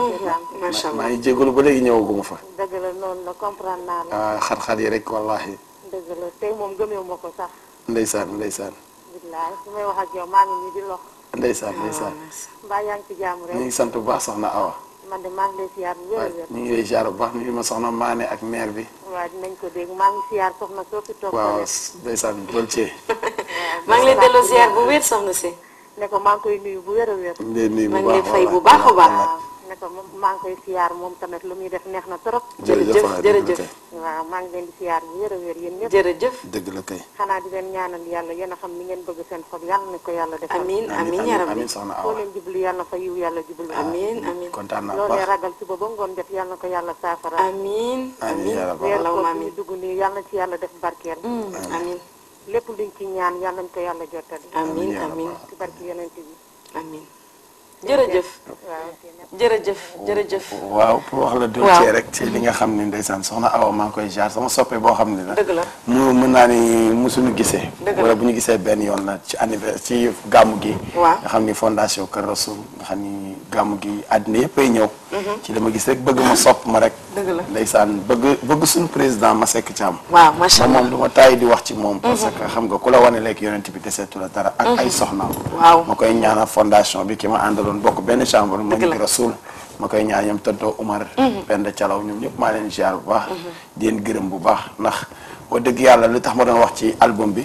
maa ngi jégalu ba léegi ñëwaguma fa. dëgg la noonu la comprendre ci jàmm rek. ñu ngi sant bu baax soxna Awa. man de maa lay siyaar bu wér ñu ngi lay siyaar bu baax nuyu ma soxna Maane ak maire bi. waaw dinañ ko dégg maa ngi siyaar soxna soo fi toog. waaw ndeysaan maa ngi leen delloo siyaar bu wér soxna si ne maa ngi koy nuyu bu wér a wér. maa ngi bu baax a baax maa ngi koy siyaar moom tamit lu muy def neex na trop. jërëjëf jërëjëf waaw maa ngi leen di siyaar bu wér a wér yéen ñëpp. jërëjëf dëgg la kay. xanaa di leen ñaanal yàlla yéen a xam ni ngeen bëgg seen xol yàlla na ko yàlla defal. amiin amiin yaram amiin soxna Awa foo leen jublu yàlla fa yiw yàlla jublu. amiin amiin kontaan naa baax loolee ragal si ba ba ngoon jot yàlla na ko yàlla saafara. amiin amiin yàlla dugg nii yàlla ci yàlla def barkeel mm, amiin lépp luñ ci ñaan yal nañ ko yàlla jottali. amiin amiin ci barki yonent bi amiin. jërëjëf jërëjëf jërëjëf waaw pour wax la dossier rek ci li nga xam ne ndeysaan soxna aw maa ngi koy jaar sama soppe boo xam ne la mu mën naa ni musuñu gisee wala bu ñu gisee benn yoon la ci anniversaire ci gàmmu gi nga xam ni fondation Kër Rasul nga xam ni gàmmu gi àddina yëpp ay ñëw mhm. ci ma gis rek bëgg ma sopp ma rek dëgg la ndeysaan bëgg suñu président Masseck Thiam waaw macha moom du ma tàyyi di wax ci moom mhm. parce que xam nga ku la wane lekk yonent bi deseetu la dara ak ay mhm. soxnaam doon bokk benn chambre ma koy ñaan ñoom tontoo Umar benn calaw ñoom ñëpp maa leen ziar bu baax di leen gërëm bu baax ndax wax dëgg yàlla li tax ma doon wax ci album bi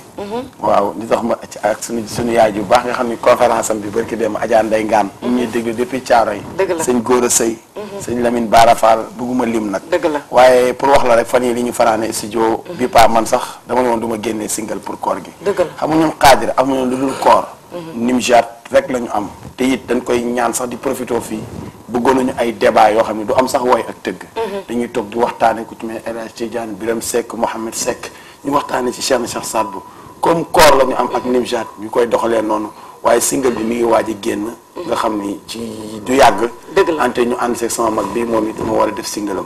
waaw li tax ma ak suñu suñu yaay bu baax nga xam ni conférence am bi barki dem Adja Ndeye Ngane ñu ñuy déglu depuis Thiaroy sëñ Góora Sëy sëñ Lamine Bara Fall bëgguma lim nag dëgg waaye pour wax la rek fan yi li ñu fanaane studio bi pa man sax dama ne woon du ma génnee single pour koor gi xam nga ñoom xaadir rek la ñu am te it dañ koy ñaan sax di profité fii bëggoon nañu ay débat yoo xam ne du am sax way ak tëgg mhm. dañuy toog di waxtaane ku ci jan biram Hadj Tidiane Birame Seck ñu waxtaane ci Cheikh Cheikh Saad Bou comme koor la ñu am ak Nimjat ñu koy doxalee noonu waaye single bi mi ngi waaj génn nga xam ni ci du yàgg ante ñu ànd seeg sama mag bi moom it dama war a def singalam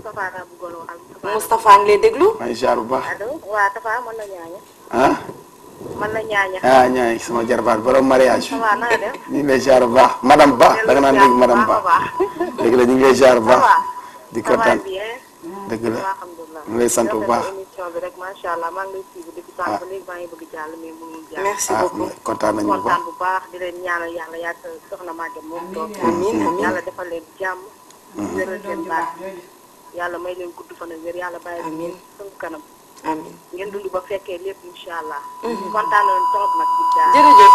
Mustafa Ka bu Golo ak Moustapha ngi deglu ay may bu baax allo waaw Tafa mën na ñaaña. ah. mën na ñaaña. ah ñaañ sama jarbaat borom mariage. waaw na def ñu lay ziar bu baax madame Ba da nga naan madame Ba. léegi la ñu ngi lay ziar bu baax. di kontaan dëgg la ñu lay sant bu baax. merci beaucoup yàlla may leen gudd fan ak yàlla bàyyi leen sunu kanam amiin ngeen dund ba fekkee lépp incha allah. kontaan nañu trop i jërëjëf.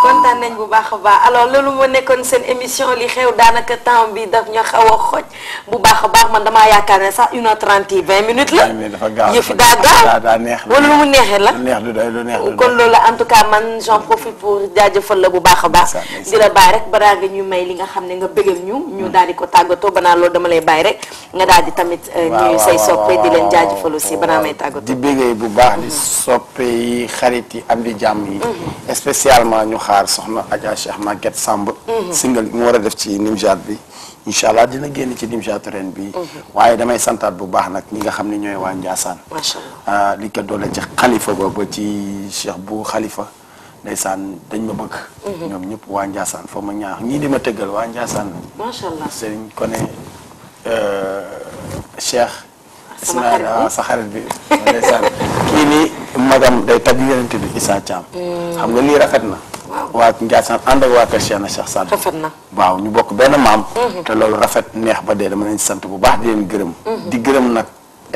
kontaan nañ bu baax a baax alors loolu moo nekkoon seen émission li xew daanaka temps bi daf ñu xaw a xoj bu baax a baax man damaa yaakaar ne sax une heure trente yi vingt minutes la. dafa gaaw daa gaaw daa neex wala lu mu neexee la. neex du doy lu neex du doy kon loolu en tout cas man j'en profite pour jaajëfal la bu baax a baax. di la bàyyi rek balaa nga ñu may li nga xam ne nga bëggal ñu. ñu hmm. daal di ko tàggatoo banaa loolu dama lay bàyyi rek nga daal di tamit. ñuy euh, say soppe di leen jaajëfal aussi banaa may tàggatoo. di bëggee bu baax xarit yi am di jàmm yi mhm. spécialement ñu xaar soxna Adja Cheikh Maguette Samb mhm. single bi mu war a def ci Nimjaat bi incha dina génn ci Nimjaatu bi mhm. waaye damay santaat bu baax nag ñi nga xam ne ñooy waa Njaasaan ah, li ko doole ci xalifa ba ba ci cheikh bu xalifa ndeysaan dañ ma bëgg ñoom ñëpp waa Njaasaan fa ma ñaax ñii di ma tëggal waa Njaasaan lañ macha allah sëriñ ko sama xarit bi sa xarit bi ndeysaan kii nii magam day tagg yonent bi Issa Thiam hmm. xam nga rafet na waa Ndiassane ànd ak waa Kër Cheikh na Cheikh Sadio rafet na waaw ñu bokk benn maam hmm. te loolu rafet neex ba dee dama leen sant bu baax di leen hmm. di gërëm nag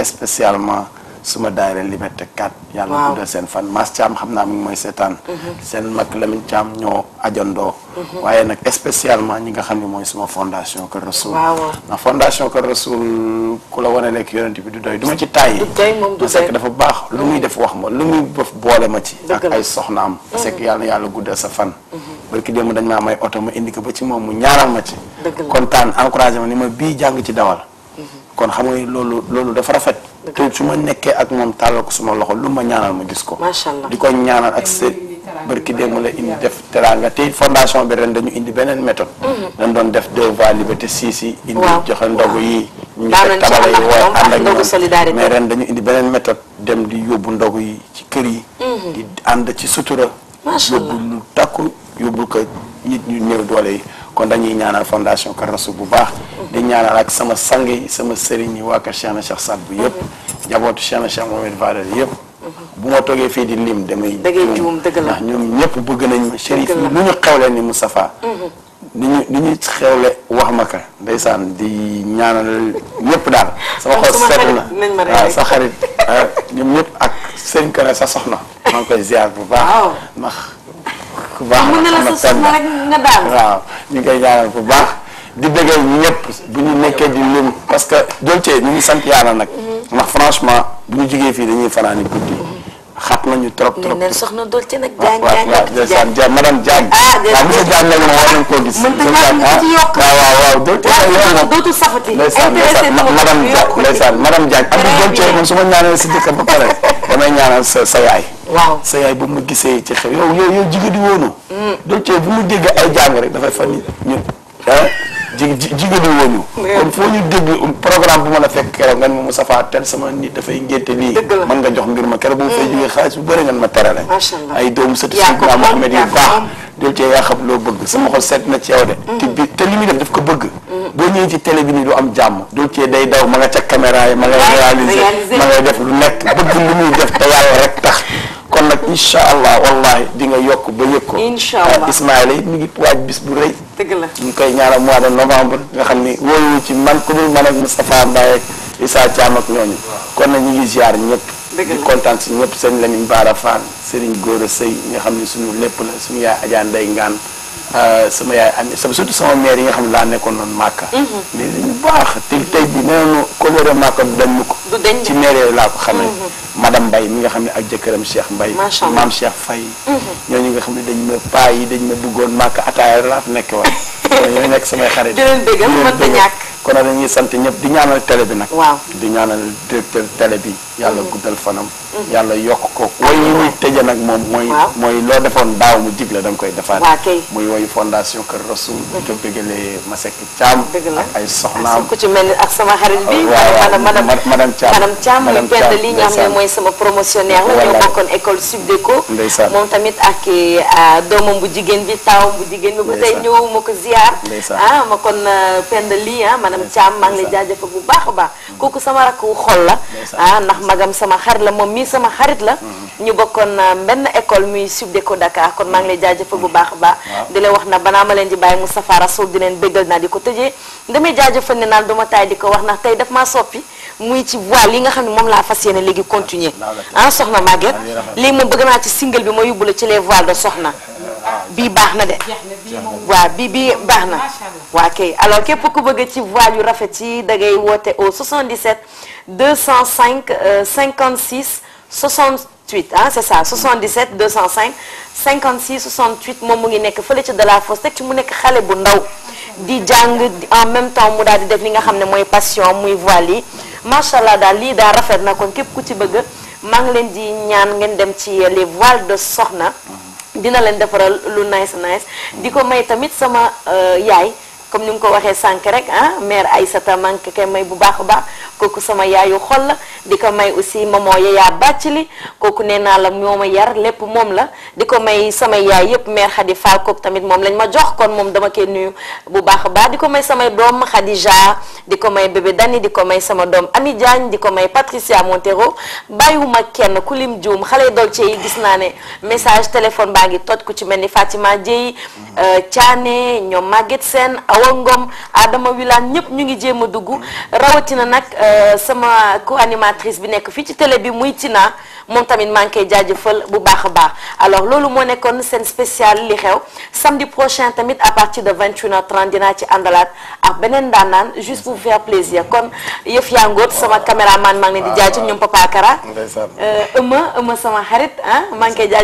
spécialement suma daayira liberté 4 yàlla guddal sen fan mas Thiam xam naa mu ngi sen mhm. mak lamin cham ño Thiam ñoo ajandoo waaye nag spécialement ñi nga xamni moy suma fondation ko Rasoul na fondation ko Rasoul ku la wane nek yonent bi du doy duma ci tàyyi parce que dafa bax lu muy def wax ma lu muy bof boole ma ci ak ay soxnam parce que yalla yalla guddal sa fan barki dem dañ ma may auto ma indi ko ba ci mom mu ñaaral ma ci contane encourager ma ni ma bi jang ci dawal mhm. kon xam nga lolu loolu dafa rafet te su ma nekkee ak moom tàllal ko suma loxo lu ma ñaanal ma gis ko. macha di koy ñaanal ak sa barki démb la indi def teraanga te fondation bi dañu indi beneen méthode. Mhm. dañ doon def deux voies liberté sii si. indi joxe ndogu yi. ñu teg tabala yi wooy ànd ak ñoom mais ren dañu indi beneen méthode dem di yóbbu ndogu yi ci kër yi. Mhm. di ànd ci sutura. yóbbu lu takku yóbbu ko nit ñu néew doole yi. kon dañuy ñaanal fondation Kër bu baax di ñaanal ak sama sang yi sama sëriñ yi waa kër Cheikh na Cheikh bu yëpp jabootu Cheikh na Cheikh yëpp bu ma toogee fii di lim damay juum ndax ñoom ñëpp bëgg nañ ma chérif yi lu ñu ni Moustapha mhm. ni ñu ni wax ma ka ndeysaan di ñaanal ñëpp daal sama xol na sa xarit ah, ñoom ñëpp ak sëriñ Kër sa soxna maa ngi koy ziar bu baax ndax ku baax mën na la sa soxna rek nga daal waaw ñu ngi koy ñaanal bu baax di bëggal ñëpp bu ñu nekkee di lim parce que Dolce ñu ngi sant yàlla nag mm-hmm. ndax franchement bu ñu jugee fii dañuy fanaan guddi xat nañu trop trop neen soxna dol ci nag jaañ jaañ ak jaañ jaañ madame jaañ ah waaw monsieur jaañ la moom war nañ koo gis mën naa ci ah. yokk waaw waaw waaw dol ci yokk dootu safati intéressé madame jaañ ndeysaan am na doon cooy su ma ñaanal sa jëkkër ba pare damay ñaanal sa sa yaay sa yaay bu mu gisee ci xew yow yow yow jigéen di woonu mm. dol bu mu dégg ay jàng rek dafay fan ñëpp ah. ji jigéenu woonu kon foo ñu dégg programme bu ma la fekk keroog nga ne ma Moussa Fatel sama nit dafay ngénte lii man nga jox mbir ma keroog bu ma fay jógee mm. xaalis bu bëri ngeen ma terale ay doomu sëti Seydina Mohamed yu baax dol cee yaa xam loo bëgg sama xol seet na ci yow de mm. te bi te li muy def daf ko bëgg mm. boo ñëwee ci télé bi nii du am jàmm dol cee day daw ma nga ca caméra yi ma nga réaliser ma ngay def lu nekk bëgg lu muy def te rek tax kon nag incha allah wallahi di nga yokk ba ko Ismaïla it mi ngi bu rëy dëgg la ñu koy ñaanal mois de novembre nga xam ni wóoruñu ci man ku dul man ak Moustapha Mbaye ak Issa Thiam ak ñooñu kon nag ñu ngi ziar ñëpp di kontaan si ñëpp sëñ Lamine Bara Fall Serigne Gora Seye nga xam ni suñu lépp la suñu yaay Adja Ndeye Ngane Euh, sama yaay am sama surtout sama mère yi nga xam ne laa nekkoon noonu màkka mhm. mais li ñu baax te tey bi neenu coloré màkka du dañ ko ci mère yooyu laa ko ne mhm. madame mbay mi nga xam ne ak jëkkëram Cheikh Mbaye maam Cheikh Faye mhm. ñooñu nga xam ne dañ ma paa yi dañ ma bëggoon màkka ataaya laa fi nekk wax ñooy nekk samay xarit kon nag dañuy sant ñëpp di ñaanal télé bi nag di ñaanal directeur télé bi yàlla mm-hmm. guddal fanam. Mm-hmm. yàlla yokk ko woy yi muy tëje nag moom mooy. mooy loo defoon daaw mu digle da nga koy defaat. muy woy fondation Kër Rasoul. Mm-hmm. di ko bëggalee Masek Thiam. ak ay soxnaam ak sama xarit bi. waaw madame madame Thiam madame Thiam muy benn li nga xam ne mooy sama promotionnaire la. ñoo bokkoon école Subdeco. ndeysaan moom tamit ak euh, doomam bu jigéen bi taawam bu jigéen bi. bu tey ñëw ma ko ziar. Ah, ma kon benn euh, lii ah madame Thiam maa ngi lay jaajëfal bu baax a baax. Mm. kooku sama rakk wu xol la. magam sama xarit la moom mii sama xarit la mm-hmm. ñu bokkoon euh, benn école muy Subdeco Dakar kon maa ngi lay jaajëfal bu mm-hmm. baax a baax di la wax na banaa ma leen di bàyyi Moustapha soo di leen béggal naa di ko tëjee damay jaajëfal ne naan duma taay di ko wax ndax tey daf maa soppi muy ci voile li nga xam ne moom laa fas yéene léegi continuer ah soxna Maguette léegi moom bëgg naa ci single bi ma yóbbu la ci les voiles de soxna ah, bii baax na de waaw bii bii baax na waa kay alors ku bëgg ci voile yu rafet yi da ngay woote au 77 205 56 68 Hein, c'est ça 77 205 56 68 moom mu ngi nekk fële ci de la fosse teg ci mu nekk xale bu ndaw di jang en même temps mu devenir di def li nga xam moy passion muy voile dal li na kon kep ku ci bëgg maa ngi leen di ñaan ngeen dem ci les voiles de Soxna. dina leen defaral lu nice nice di ko may tamit sama euh, yaay comme ni nga ko rek ah mère Aïssata maa ngi may bu baax kooku sama yaayu xol la di ko may aussi maman Yaya Bathily kooku nee naa la moo ma yar lépp moom la di ko may sama yaay yëpp mère Khady Fall kooku tamit moom lañ ma jox kon moom dama koy nuyu bu baax a baax di ko may samay doom Khadija di ko may bébé Dani di ko may sama doom Ami Diagne di ko may Patricia Montero bàyyiwuma kenn ku lim juum xale dolce yi gis naa ne message téléphone baa ngi toj ku ci mel ni Fatima Dieye euh, Thiané ñoom Maguette seen Awa Ngom Adama Wilane ñëpp ñu ngi jéem a dugg rawatina nag sama co-animatrice bi nekk fii ci télé bi muy Tina moom manqué maa ngi bu baax a alors loolu mo nekkoon seen spécial li xew samedi prochain tamit à partir de 21h30 dina ci andalat ak benen danan juste pour faire plaisir kon yef yaa ngóot sama cameraman maa ngi di ah, jaajëf ñoom Papa Kara ëma euh, sama xarit ah maa ngi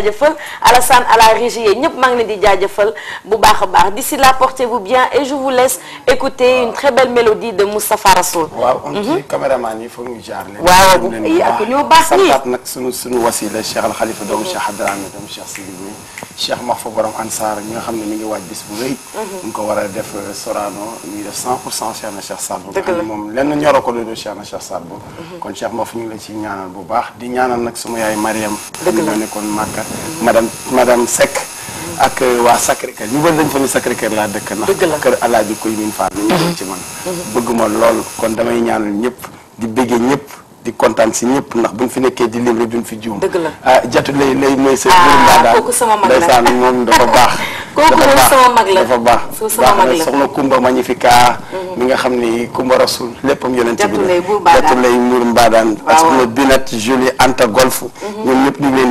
Alassane à la régie ñep ñépp di jaajëfal bu baax a d'ici là portez-vous bien et je vous laisse écouter une très belle mélodie de Moustapha Rassoul waaw on dit mhm. caméraman yi ñu jaar waaw ak ñoo baax ni suñu suñu wasila Cheikh Al Khalifa doomu Cheikh Hadrami doomu Cheikh Sidi Bouye Cheikh Mahfa borom Ansar mi nga xam ne mi ngi waaj bis bu rëy ñu ko war a def Sorano ñuy def 100 Cheikh na Cheikh lenn ñoro ko loolu Cheikh na kon Cheikh Mahfa ñu la ci ñaanal bu baax di ñaanal nag suma yaay Mariam ñu ñoo nekkoon Màkka madame madame Seck ak waa Sacré Cœur ñu bëri dañ fa ni Sacré Cœur laa dëkk ndax kër alaaji koy min faal ci man bëgg lool kon damay ñaanal ñëpp di béggee ñëpp di kontaan si ñëpp ndax buñ fi nekkee di lim rek duñ fi juum. dëgg la ah jatu lay lay mooy. sa ah, mbir mbaa daal kooku sama mag la ndeysaan moom dafa baax. kooku moom sama mag la dafa baax dafa Kumba Magnifica. Mhm. mi nga xam ni Kumba Rasul léppam yonent bi la jàppale Mour Mbadaan. waaw soxna Binat Julie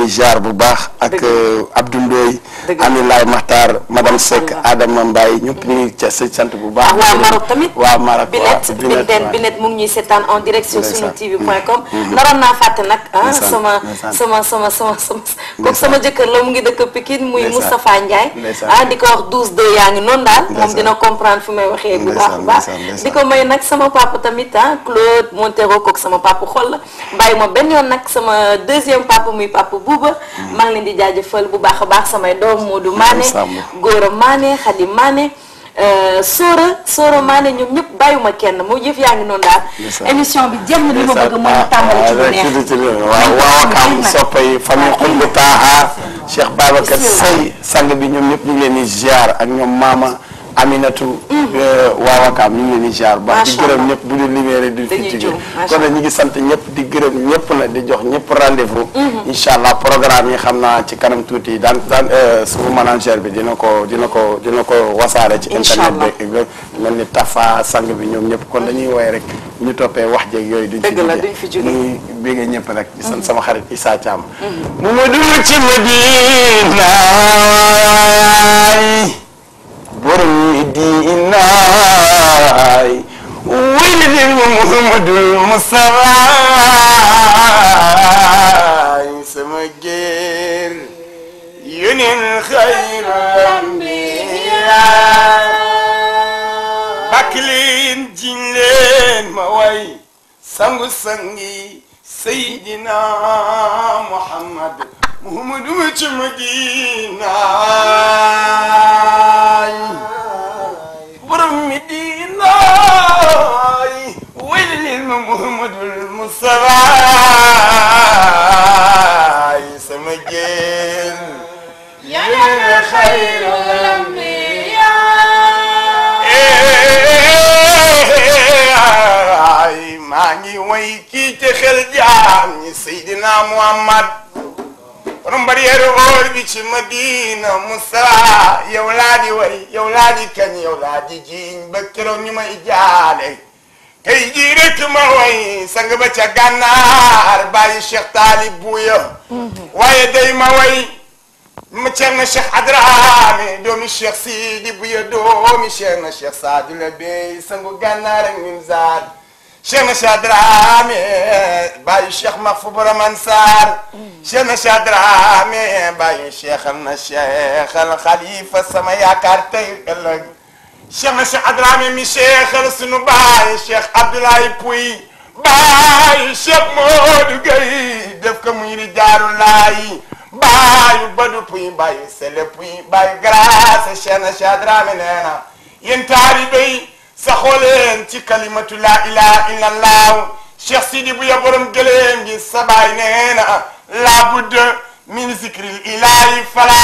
jaar mhm. bu baax. ak euh, Abdou Ndoye. dëgg la Ami Laay Maxtaar madame Seck Adama Mbaye ñëpp ñu ngi ca sant bu baax. Ah, waaw Maroc tamit waaw Maroc waaw Binat Binat mu ngi ñuy seetaan en direct sur sunu tv mhm. point com. naroon naa fàtte nag ah sama sama sama sama sama kooku sama jëkkër la mu ngi dëkk Pikine muy Moustapha Ndiaye. ah di ko wax douze deux yaa ngi noonu daal moom dina comprendre fu may waxee bu baax baax di ko may nag sama papa tamit ah Claude Montero kook sama papa xol la mbay ma benn yoon nag sama deuxième papa muy papa Bouba hmm. maa ngi leen di jaajëfal bu baax a baax samay doom Modou Mané Góora Mané Khady Mané Euh, Sora Sora maa ne ñoom ñëpp bàyyuma kenn moo jëf yaa ngi noonu daal. émission bi jeex na li ma bëgg mooy tàmbali ci lu ah, neex. waaw waaw Kaam soppa yi famille Xumbu Taaha Cheikh Babacar Sey sang bi ñoom ñëpp ñu ngi leen di ziar ak ñoom maama. Aminatu. Mhm. Euh, waa Wakaam ñu ngi leen di ziar baax di gërëm ñëpp bu ñu limee rek di fi jigéen kon nag ñu ngi sant ñëpp di gërëm ñëpp nag di jox ñëpp rendez-vous mhm. incha allah programme yi xam naa ci kanam tuuti daan daan euh, suñu manager bi dina ko dina ko dina ko wasaare ci internet bi mel ni Tafa sang bi ñoom ñëpp kon dañuy woy rek ñu toppee wax jeg yooyu duñ fi jógee muy bégee ñëpp rek di sant mhm. sama xarit Issa Thiam mu dul ci Medina بريدنا ولد محمد المصطفى سمجير ينين خير الانبياء بكلين جنين موي سنغ سنغي سيدنا محمد محمد مچ مدینہ برم مدینہ ویل محمد المصطفى سمجين يا خير الانبياء ماني ويكي يا سيدنا محمد borom bariyeeru óor bi ci Madina Musa yow laa di way yow laa kañ yow laa di ba keroog ñu may jaale tey jii rek ma way sang ba ca gànnaar bàyyi Cheikh Taalib Buuya mhm. waaye day ma way ma Ceerno Cheikh Adraame doomi Cheikh Sidi Buuya doomi Ceerno Cheikh Saadu la bey sangu gànnaar ak nim zaad شمس درامي باي الشيخ مغفور منصار شمس درامي باي الشيخ الشيخ الخليفة السمية كارتي شمس درامي من شيخ السنوباي الشيخ عبد الله بوي باي الشيخ مود جاي دفك ميري جار الله باي بدو بوي باي سلبوي باي غراس شمس درامي نانا ينتاري بي saxoo leen ci kalimatu laa ilaha illa allah cheikh sidi bu ya borom gëléem gi sabaay nee na laabud min zikril ilahi fala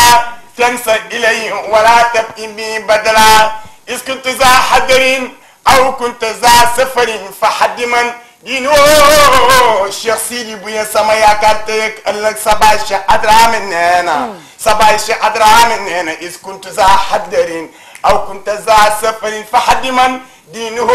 tansa ilay wala tabi bi badala is kunta za hadarin aw kunta za safarin fa hadiman diino cheikh sidi bu ya sama yaakaar tey ak ëllëg sabaay cheikh adrame nee na sabaay cheikh adrame nee na is kunta za hadarin او كنت ذا سفر فحد من دينه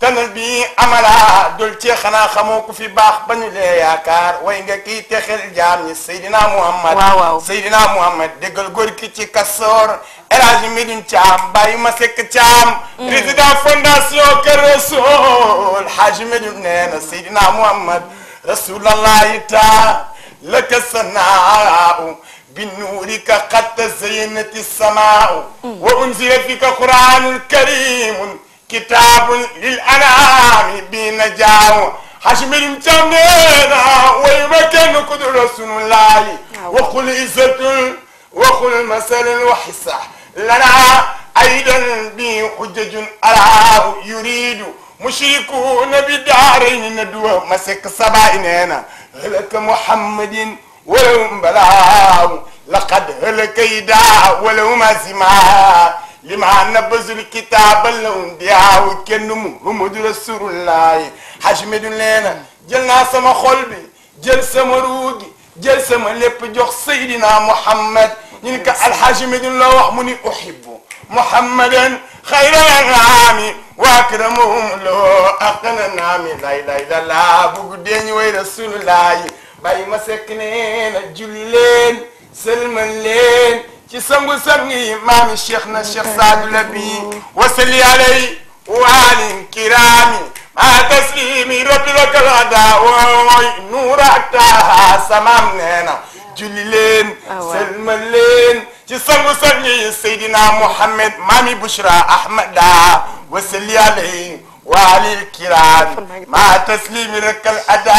تنبي عملا دولتي خنا خموك في باخ بني لي ياكار وين كي تخل جامي سيدنا محمد واو واو. سيدنا محمد دغل غور كي تي كسور اراج مدين تام باي ما سك تام ريزيدا فونداسيون كرسول حاج مدين نانا سيدنا محمد رسول الله تا لك الصناعه بنورك قد تزينت السماء وأنزل فيك قرآن كريم كتاب للأنام بنجاو حشم الجميلة ويمكن قدر رسول الله وقل عزة وقل مثل وحصة لنا أيضا حجج أراه يريد مشركون بدارين ندوة مسك سبعين هلك محمد ولهم بلاهم لقد هلك يدا ولهم أسماء لما نبذ الكتاب لهم دياه وكن محمد رسول الله حشمد لنا جلنا سما خلبي جل سما روجي جل سما لب جوخ سيدنا محمد ينك الحشمد الله وحمني أحبه محمدا خير الأنعام وأكرمهم له أقنى نامي لا إله إلا الله بوجدين وي رسول الله bay ma sekk nee na julli leen sëlmal leen ci sangu-sang yi maami cheikh na cheikh saadu la bii wasali alay waalin kiraami maa taslimi rabbi lakal ada wooy nuurataha samaam nee na julli leen sëlmal leen ci sangu-sang yi seydina mouhammad maami bushra ahmada wasali alay waalil kiraami maa taslimi rakal ada